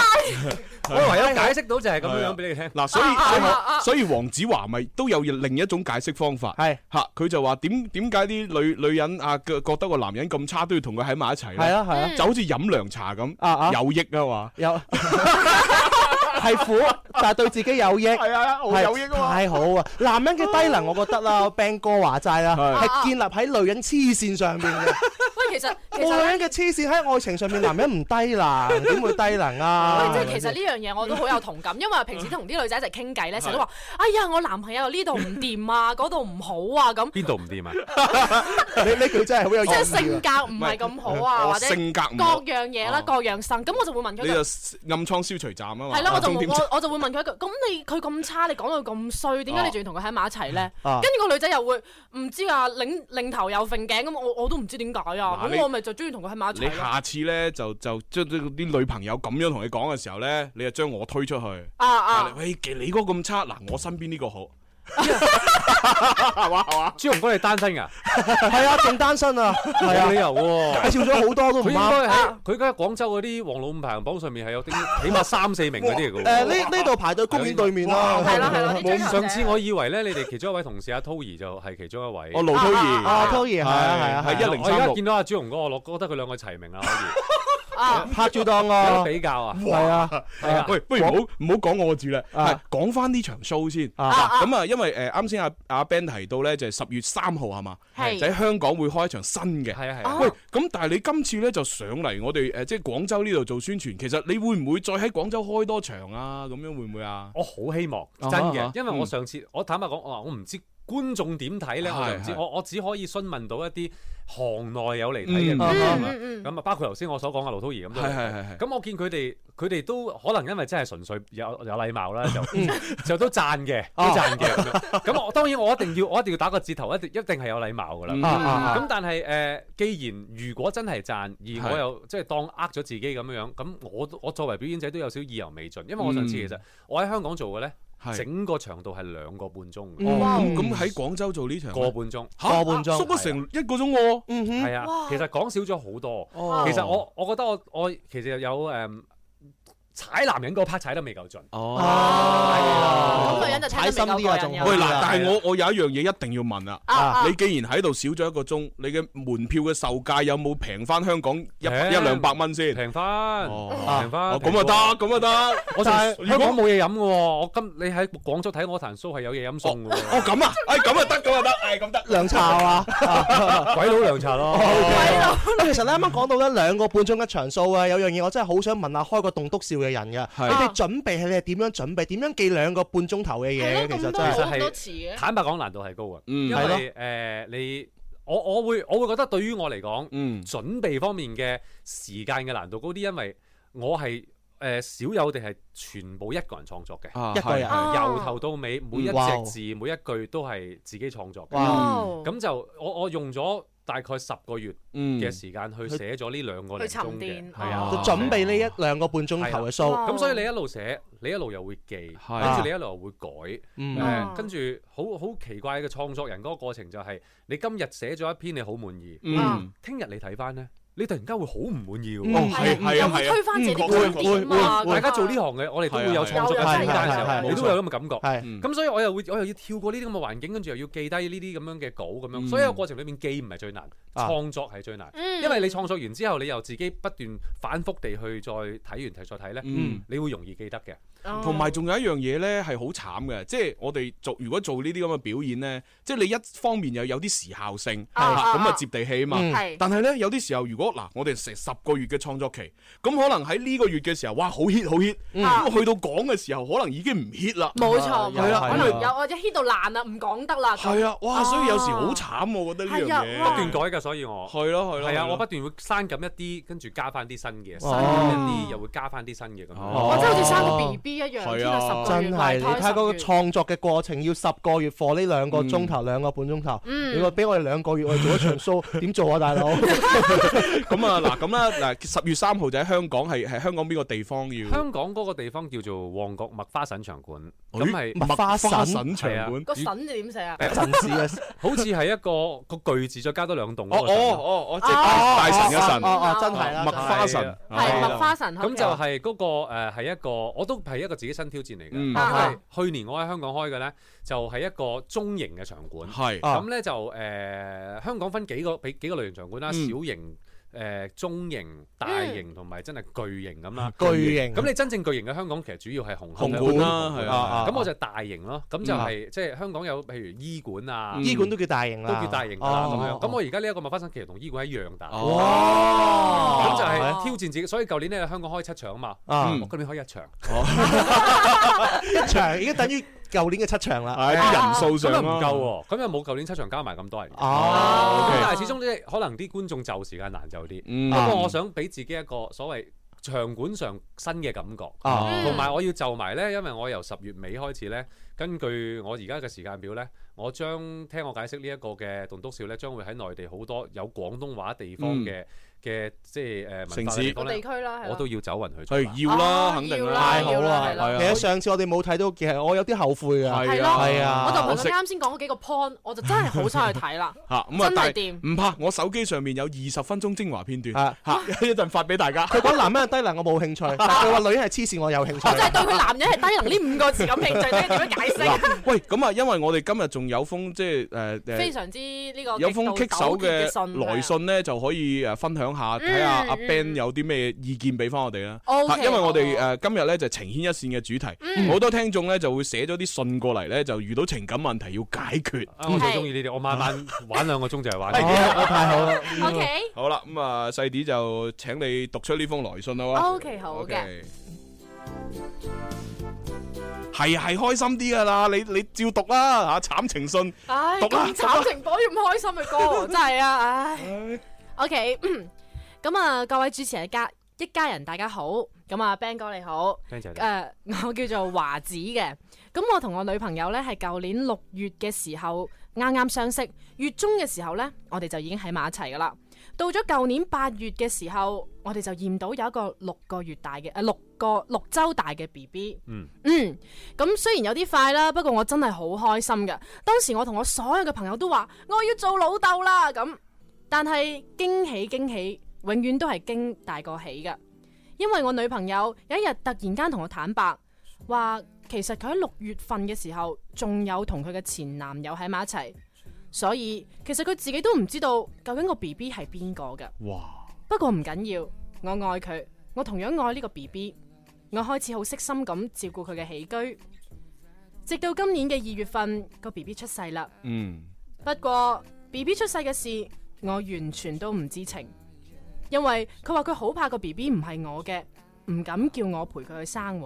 我唯有解釋到就係咁樣樣俾你聽。嗱，所以所以黃子華咪都有另一種解釋方法，係吓佢就話點點解啲女女人啊覺得個男人咁差都要同佢喺埋一齊，係啦係啦，就好似飲涼茶咁啊有益啊話，有係苦，但係對自己有益係啊，有益太好啊！男人嘅低能，我覺得啦 Ben 哥話齋啦，係建立喺女人黐線上面嘅。其實女人嘅痴線喺愛情上面，男人唔低能，點會低能啊？即係其實呢樣嘢我都好有同感，因為平時同啲女仔一齊傾偈咧，成日都話：哎呀，我男朋友呢度唔掂啊，嗰度唔好啊咁。邊度唔掂啊？呢句真係好有即係性格唔係咁好啊，或者各樣嘢啦，各樣生咁我就會問佢。你就暗瘡消除站啊嘛？係咯，我就我我就會問佢一句：咁你佢咁差，你講到咁衰，點解你仲要同佢喺埋一齊咧？跟住個女仔又會唔知啊，擰擰頭又揈頸咁，我我都唔知點解啊！咁我咪就中意同佢喺埋一齊。你下次咧就就將啲女朋友咁樣同你講嘅時候咧，你就將我推出去。啊啊！喂，你個咁差，嗱、啊，我身邊呢個好。係朱紅哥你單身噶？係啊，仲單身啊，啊，冇理由喎。介紹咗好多都唔啱。佢應該喺，佢而家廣州嗰啲王老五排行榜上面係有啲，起碼三四名嗰啲嚟噶。誒，呢呢度排到公園對面啦。係咯係咯。上次我以為咧，你哋其中一位同事阿濤兒就係其中一位。哦，盧濤兒。啊，濤兒係係係。我而家見到阿朱紅哥，我覺覺得佢兩個齊名啊，啦。拍住檔咯，比較啊，係啊，係啊，喂，不如唔好唔好講我字啦，係講翻呢場 show 先。咁啊，因為誒，啱先阿阿 Ben 提到咧，就係十月三號係嘛，就喺香港會開一場新嘅。係啊係。喂，咁但係你今次咧就上嚟我哋誒，即係廣州呢度做宣傳，其實你會唔會再喺廣州開多場啊？咁樣會唔會啊？我好希望真嘅，因為我上次我坦白講，我話我唔知。觀眾點睇咧？我就唔知，是是我我只可以詢問到一啲行內有嚟睇嘅啦。咁啊，包括頭先我所講嘅盧濤儀咁都係。咁我見佢哋，佢哋都可能因為真係純粹有有禮貌啦，就就都讚嘅， 都讚嘅。咁、哦、 我當然我一定要，我一定要打個折頭，一定一定係有禮貌㗎啦。咁、嗯嗯、但係誒、呃，既然如果真係讚，而我又即係當呃咗自己咁樣，咁我我，我作為表演者都有少意猶未盡，因為我想知其實我喺香港做嘅咧。整個長度係兩個半鐘，咁喺、哦嗯嗯、廣州做場呢場個半鐘，嚇、啊、個半鐘、啊、縮咗成一個鐘喎，係啊，啊嗯、其實講少咗好多，哦、其實我我覺得我我其實有誒。呃踩男人嗰 part 踩得未夠盡哦，咁女人就踩得未夠盡。喂嗱，但係我我有一樣嘢一定要問啊啊！你既然喺度少咗一個鐘，你嘅門票嘅售價有冇平翻香港一一兩百蚊先？平翻，平翻，咁啊得，咁啊得。我食，如果我冇嘢飲嘅喎，我今你喺廣州睇我談 show 係有嘢飲送嘅喎。哦咁啊，咁啊得，咁啊得，哎咁得。涼茶啊嘛，鬼佬涼茶咯。鬼佬。咁其實你啱啱講到一兩個半鐘一場 show 啊，有樣嘢我真係好想問下開個棟篤笑嘅。人噶，你哋準備係你係點樣準備？點樣記兩個半鐘頭嘅嘢？其實真係坦白講難度係高嘅。嗯，係咯，誒，你我我會我會覺得對於我嚟講，嗯，準備方面嘅時間嘅難度高啲，因為我係誒少有哋係全部一個人創作嘅，一句由頭到尾每一隻字每一句都係自己創作嘅。咁就我我用咗。大概十個月嘅時間去寫咗呢兩個零鐘嘅，係、嗯、啊，啊準備呢一、啊、兩個半鐘頭嘅數。咁、啊啊、所以你一路寫，你一路又會記，跟住、啊、你一路又會改。跟住好好奇怪嘅創作人嗰個過程就係、係，你今日寫咗一篇你好滿意，聽、嗯啊、日你睇翻呢。你突然間會好唔滿意喎，推翻自己。大家做呢行嘅，我哋都會有創作嘅階段嘅時候，你都會有咁嘅感覺。咁所以我又會，我又要跳過呢啲咁嘅環境，跟住又要記低呢啲咁樣嘅稿咁樣。所以個過程裏面記唔係最難，創作係最難，因為你創作完之後，你又自己不斷反覆地去再睇完睇再睇咧，你會容易記得嘅。同埋仲有一樣嘢咧，係好慘嘅，即係我哋做如果做呢啲咁嘅表演咧，即係你一方面又有啲時效性，咁啊接地氣啊嘛。但係咧有啲時候如果嗱，我哋成十個月嘅創作期，咁可能喺呢個月嘅時候，哇，好 hit 好 hit，去到講嘅時候，可能已經唔 hit 啦。冇錯，係啦，可能有或者 hit 到爛啦，唔講得啦。係啊，哇，所以有時好慘，我覺得呢樣嘢不斷改噶，所以我係咯係咯，係啊，我不斷會刪減一啲，跟住加翻啲新嘅，刪一啲又會加翻啲新嘅。咁樣。我真係生個 B B 一樣，真係你睇下個創作嘅過程要十個月，放呢兩個鐘頭，兩個半鐘頭，你話俾我哋兩個月，我哋做一場 show，點做啊，大佬？咁啊，嗱咁啦，嗱十月三號就喺香港，係，係香港邊個地方要？香港嗰個地方叫做旺角麥花臣場館，咁係麥花臣場館，個臣你點寫啊？臣字啊，好似係一個個巨字，再加多兩棟。哦哦哦，即係大神嘅神，真係啦，麥花臣，係麥花臣。咁就係嗰個誒，係一個我都係一個自己新挑戰嚟嘅。嗯，係去年我喺香港開嘅咧，就係一個中型嘅場館。係，咁咧就誒，香港分幾個畀幾個類型場館啦，小型。誒中型、大型同埋真係巨型咁啦，巨型咁你真正巨型嘅香港其實主要係紅館啦，係啊！咁我就大型咯，咁就係即係香港有譬如醫館啊，醫館都叫大型啦，都叫大型㗎啦咁樣。咁我而家呢一個麥花臣其實同醫館一樣大。哇！咁就係挑戰自己。所以舊年呢，香港開七場啊嘛，我今年開一場，一場已經等於舊年嘅七場啦，啲、啊、人數上唔、啊、夠喎、啊，咁又冇舊年七場加埋咁多人。哦、啊，啊 okay、但係始終即可能啲觀眾就時間難就啲。不過、嗯、我想俾自己一個所謂場館上新嘅感覺。同埋、啊嗯、我要就埋呢。因為我由十月尾開始呢，根據我而家嘅時間表呢，我將聽我解釋呢一個嘅棟篤笑呢，將會喺內地好多有廣東話地方嘅、嗯。嘅即係誒城市地區啦，我都要走勻去，所以要啦，肯定啦，太好啦，係啦。其實上次我哋冇睇到嘅，我有啲後悔啊，係咯，係啊。我就好似啱先講幾個 point，我就真係好想去睇啦。嚇咁啊，真係掂。唔怕，我手機上面有二十分鐘精華片段，嚇一陣發俾大家。佢講男人低能，我冇興趣；佢話女人係黐線，我有興趣。我真係對佢男人係低能呢五個字感興趣，你要點樣解釋。喂，咁啊，因為我哋今日仲有封即係誒非常之呢個有封棘手嘅來信咧，就可以誒分享。講下睇下阿 Ben 有啲咩意見俾翻我哋啦，因為我哋誒今日咧就情牽一線嘅主題，好多聽眾咧就會寫咗啲信過嚟咧，就遇到情感問題要解決，我最中意呢啲，我慢慢玩兩個鐘就係玩，太好啦，好啦，咁啊細啲就請你讀出呢封來信啦，OK 好嘅，係係開心啲噶啦，你你照讀啦吓，慘情信，唉，咁慘情，播啲咁開心嘅歌真係啊，唉，OK。咁啊，各位主持人家一家人，大家好。咁啊，Ben 哥你好。誒 Thank you.、呃，我叫做華子嘅。咁我同我女朋友咧，係舊年六月嘅時候啱啱相識，月中嘅時候咧，我哋就已經喺埋一齊噶啦。到咗舊年八月嘅時候，我哋就驗到有一個六個月大嘅誒，六個六周大嘅 B B。Mm. 嗯。嗯。咁雖然有啲快啦，不過我真係好開心㗎。當時我同我所有嘅朋友都話，我要做老豆啦咁。但係驚喜驚喜。永遠都係驚大個起噶，因為我女朋友有一日突然間同我坦白，話其實佢喺六月份嘅時候仲有同佢嘅前男友喺埋一齊，所以其實佢自己都唔知道究竟個 B B 係邊個噶。哇！不過唔緊要，我愛佢，我同樣愛呢個 B B，我開始好悉心咁照顧佢嘅起居，直到今年嘅二月份個 B B 出世啦。嗯，不過 B B 出世嘅事我完全都唔知情。因為佢話佢好怕個 BB 唔係我嘅，唔敢叫我陪佢去生。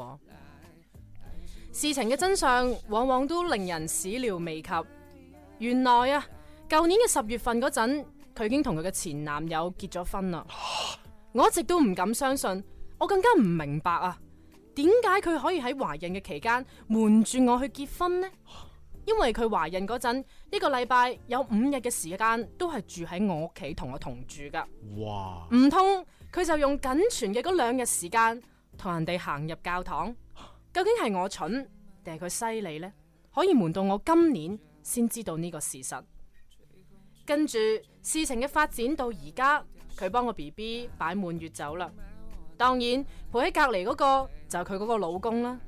事情嘅真相往往都令人始料未及。原來啊，舊年嘅十月份嗰陣，佢已經同佢嘅前男友結咗婚啦。我一直都唔敢相信，我更加唔明白啊，點解佢可以喺懷孕嘅期間瞞住我去結婚呢？因為佢懷孕嗰陣，一個禮拜有五日嘅時間都係住喺我屋企同我同住噶。哇！唔通佢就用僅存嘅嗰兩日時間同人哋行入教堂？究竟係我蠢定係佢犀利呢？可以瞞到我今年先知道呢個事實。跟住事情嘅發展到而家，佢幫我 B B 擺滿月酒啦。當然陪喺隔籬嗰個就係佢嗰個老公啦。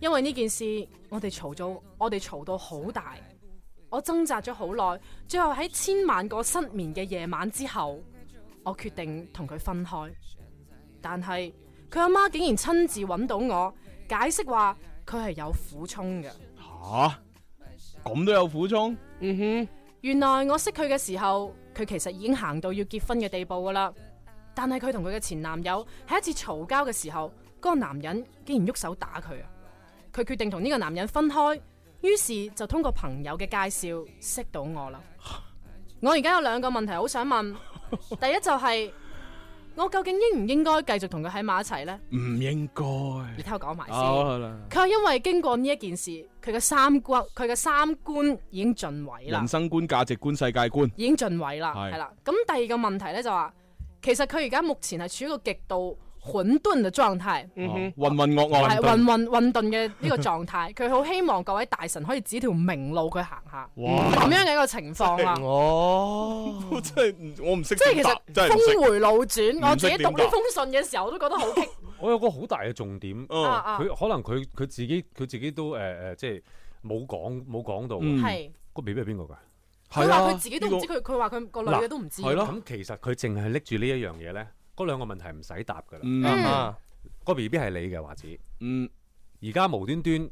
因為呢件事，我哋嘈到我哋嘈到好大，我掙扎咗好耐，最後喺千萬個失眠嘅夜晚之後，我決定同佢分開。但係佢阿媽竟然親自揾到我，解釋話佢係有苦衷嘅。吓，咁都有苦衷？嗯哼，原來我識佢嘅時候，佢其實已經行到要結婚嘅地步噶啦。但係佢同佢嘅前男友喺一次嘈交嘅時候，嗰個男人竟然喐手打佢啊！佢決定同呢個男人分開，於是就通過朋友嘅介紹識到我啦。我而家有兩個問題好想問，第一就係我究竟應唔應該繼續同佢喺埋一齊呢？唔應該。你聽我講埋先。佢話因為經過呢一件事，佢嘅三觀，佢嘅三觀已經盡毀啦。人生觀、價值觀、世界觀已經盡毀啦。係啦。咁第二個問題呢就話，其實佢而家目前係處於個極度。混沌嘅狀態，混混噩噩，係混混混沌嘅呢個狀態。佢好希望各位大神可以指條明路佢行下，咁樣嘅一個情況啦。哦，真係即係我唔識，即係其實峰迴路轉。我自己讀呢封信嘅時候，我都覺得好激。我有個好大嘅重點。佢可能佢佢自己佢自己都誒誒，即係冇講冇講到。係個表妹邊個㗎？係啊，佢自己都唔知。佢佢話佢個女嘅都唔知。係咯。咁其實佢淨係拎住呢一樣嘢咧。嗰兩個問題唔使答噶啦，mm hmm. 個 B B 係你嘅華子，而家、mm hmm. 無端端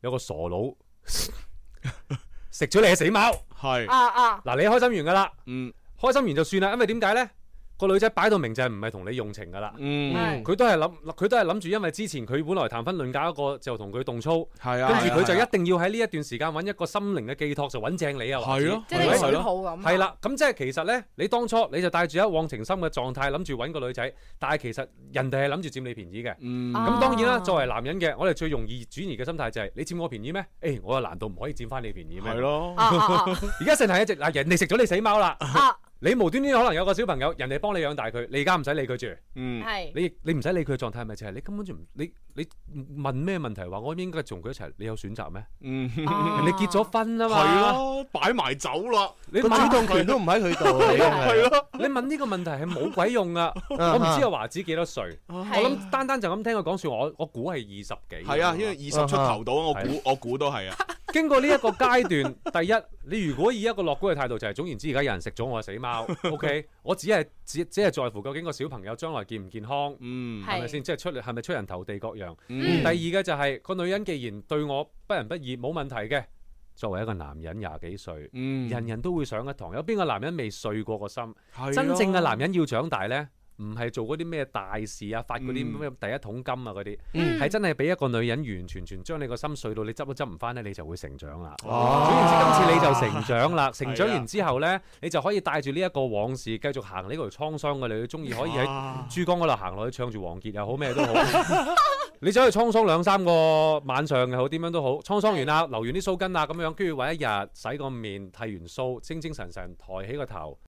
有個傻佬食咗你嘅死貓，係啊是啊！嗱、啊啊，你開心完噶啦，嗯、mm，hmm. 開心完就算啦，因為點解咧？個女仔擺到明就係唔係同你用情噶啦，嗯，佢都係諗，佢都係諗住，因為之前佢本來談婚論嫁嗰個就同佢動粗，係啊，跟住佢就一定要喺呢一段時間揾一個心靈嘅寄託，就揾正你啊，係咯，即係你好咁，係啦，咁即係其實咧，你當初你就帶住一往情深嘅狀態諗住揾個女仔，但係其實人哋係諗住佔你便宜嘅，咁當然啦，作為男人嘅，我哋最容易轉移嘅心態就係你佔我便宜咩？誒，我嘅難度唔可以佔翻你便宜咩？係咯，而家剩係一直：「嗱，人哋食咗你死貓啦。你無端端可能有個小朋友，人哋幫你養大佢，你而家唔使理佢住。嗯，係。你你唔使理佢嘅狀態，係咪就係你根本就唔你你問咩問題？話我應該係同佢一齊，你有選擇咩？嗯，你、啊、結咗婚啊嘛。係咯，擺埋走啦。個主動權都唔喺佢度。係咯，你問呢個問題係冇鬼用㗎。我唔知阿華子幾多歲，我諗單單就咁聽佢講說，我我估係二十幾。係啊，因為二十出頭到，我估我估都係啊。經過呢一個階段，第一，你如果以一個樂觀嘅態度就係總言之，而家有人食咗我死媽，媽。 o、okay, K，我只係只只係在乎究竟個小朋友將來健唔健康，係咪先？係係係即係出係咪出人頭地各樣。嗯、第二嘅就係、係、個女人既然對我不仁不義，冇問題嘅。作為一個男人廿幾歲，嗯、人人都會上一堂。有邊個男人未碎過個心？啊、真正嘅男人要長大呢。唔係做嗰啲咩大事啊，發嗰啲咩第一桶金啊嗰啲，係真係俾一個女人完全全將你個心碎到你執都執唔翻咧，你就會成長啦。啊、總言之，今次你就成長啦。啊、成長完之後呢，啊、你就可以帶住呢一個往事繼續行呢條滄桑嘅路，中意可以喺珠江嗰度行落去唱住王傑又好咩都好。啊、 你走去滄桑兩三個晚上又好點樣都好，滄桑完啦，留完啲鬚根啊咁樣，跟住揾一日洗個面，剃完鬚，精精神神抬起個頭。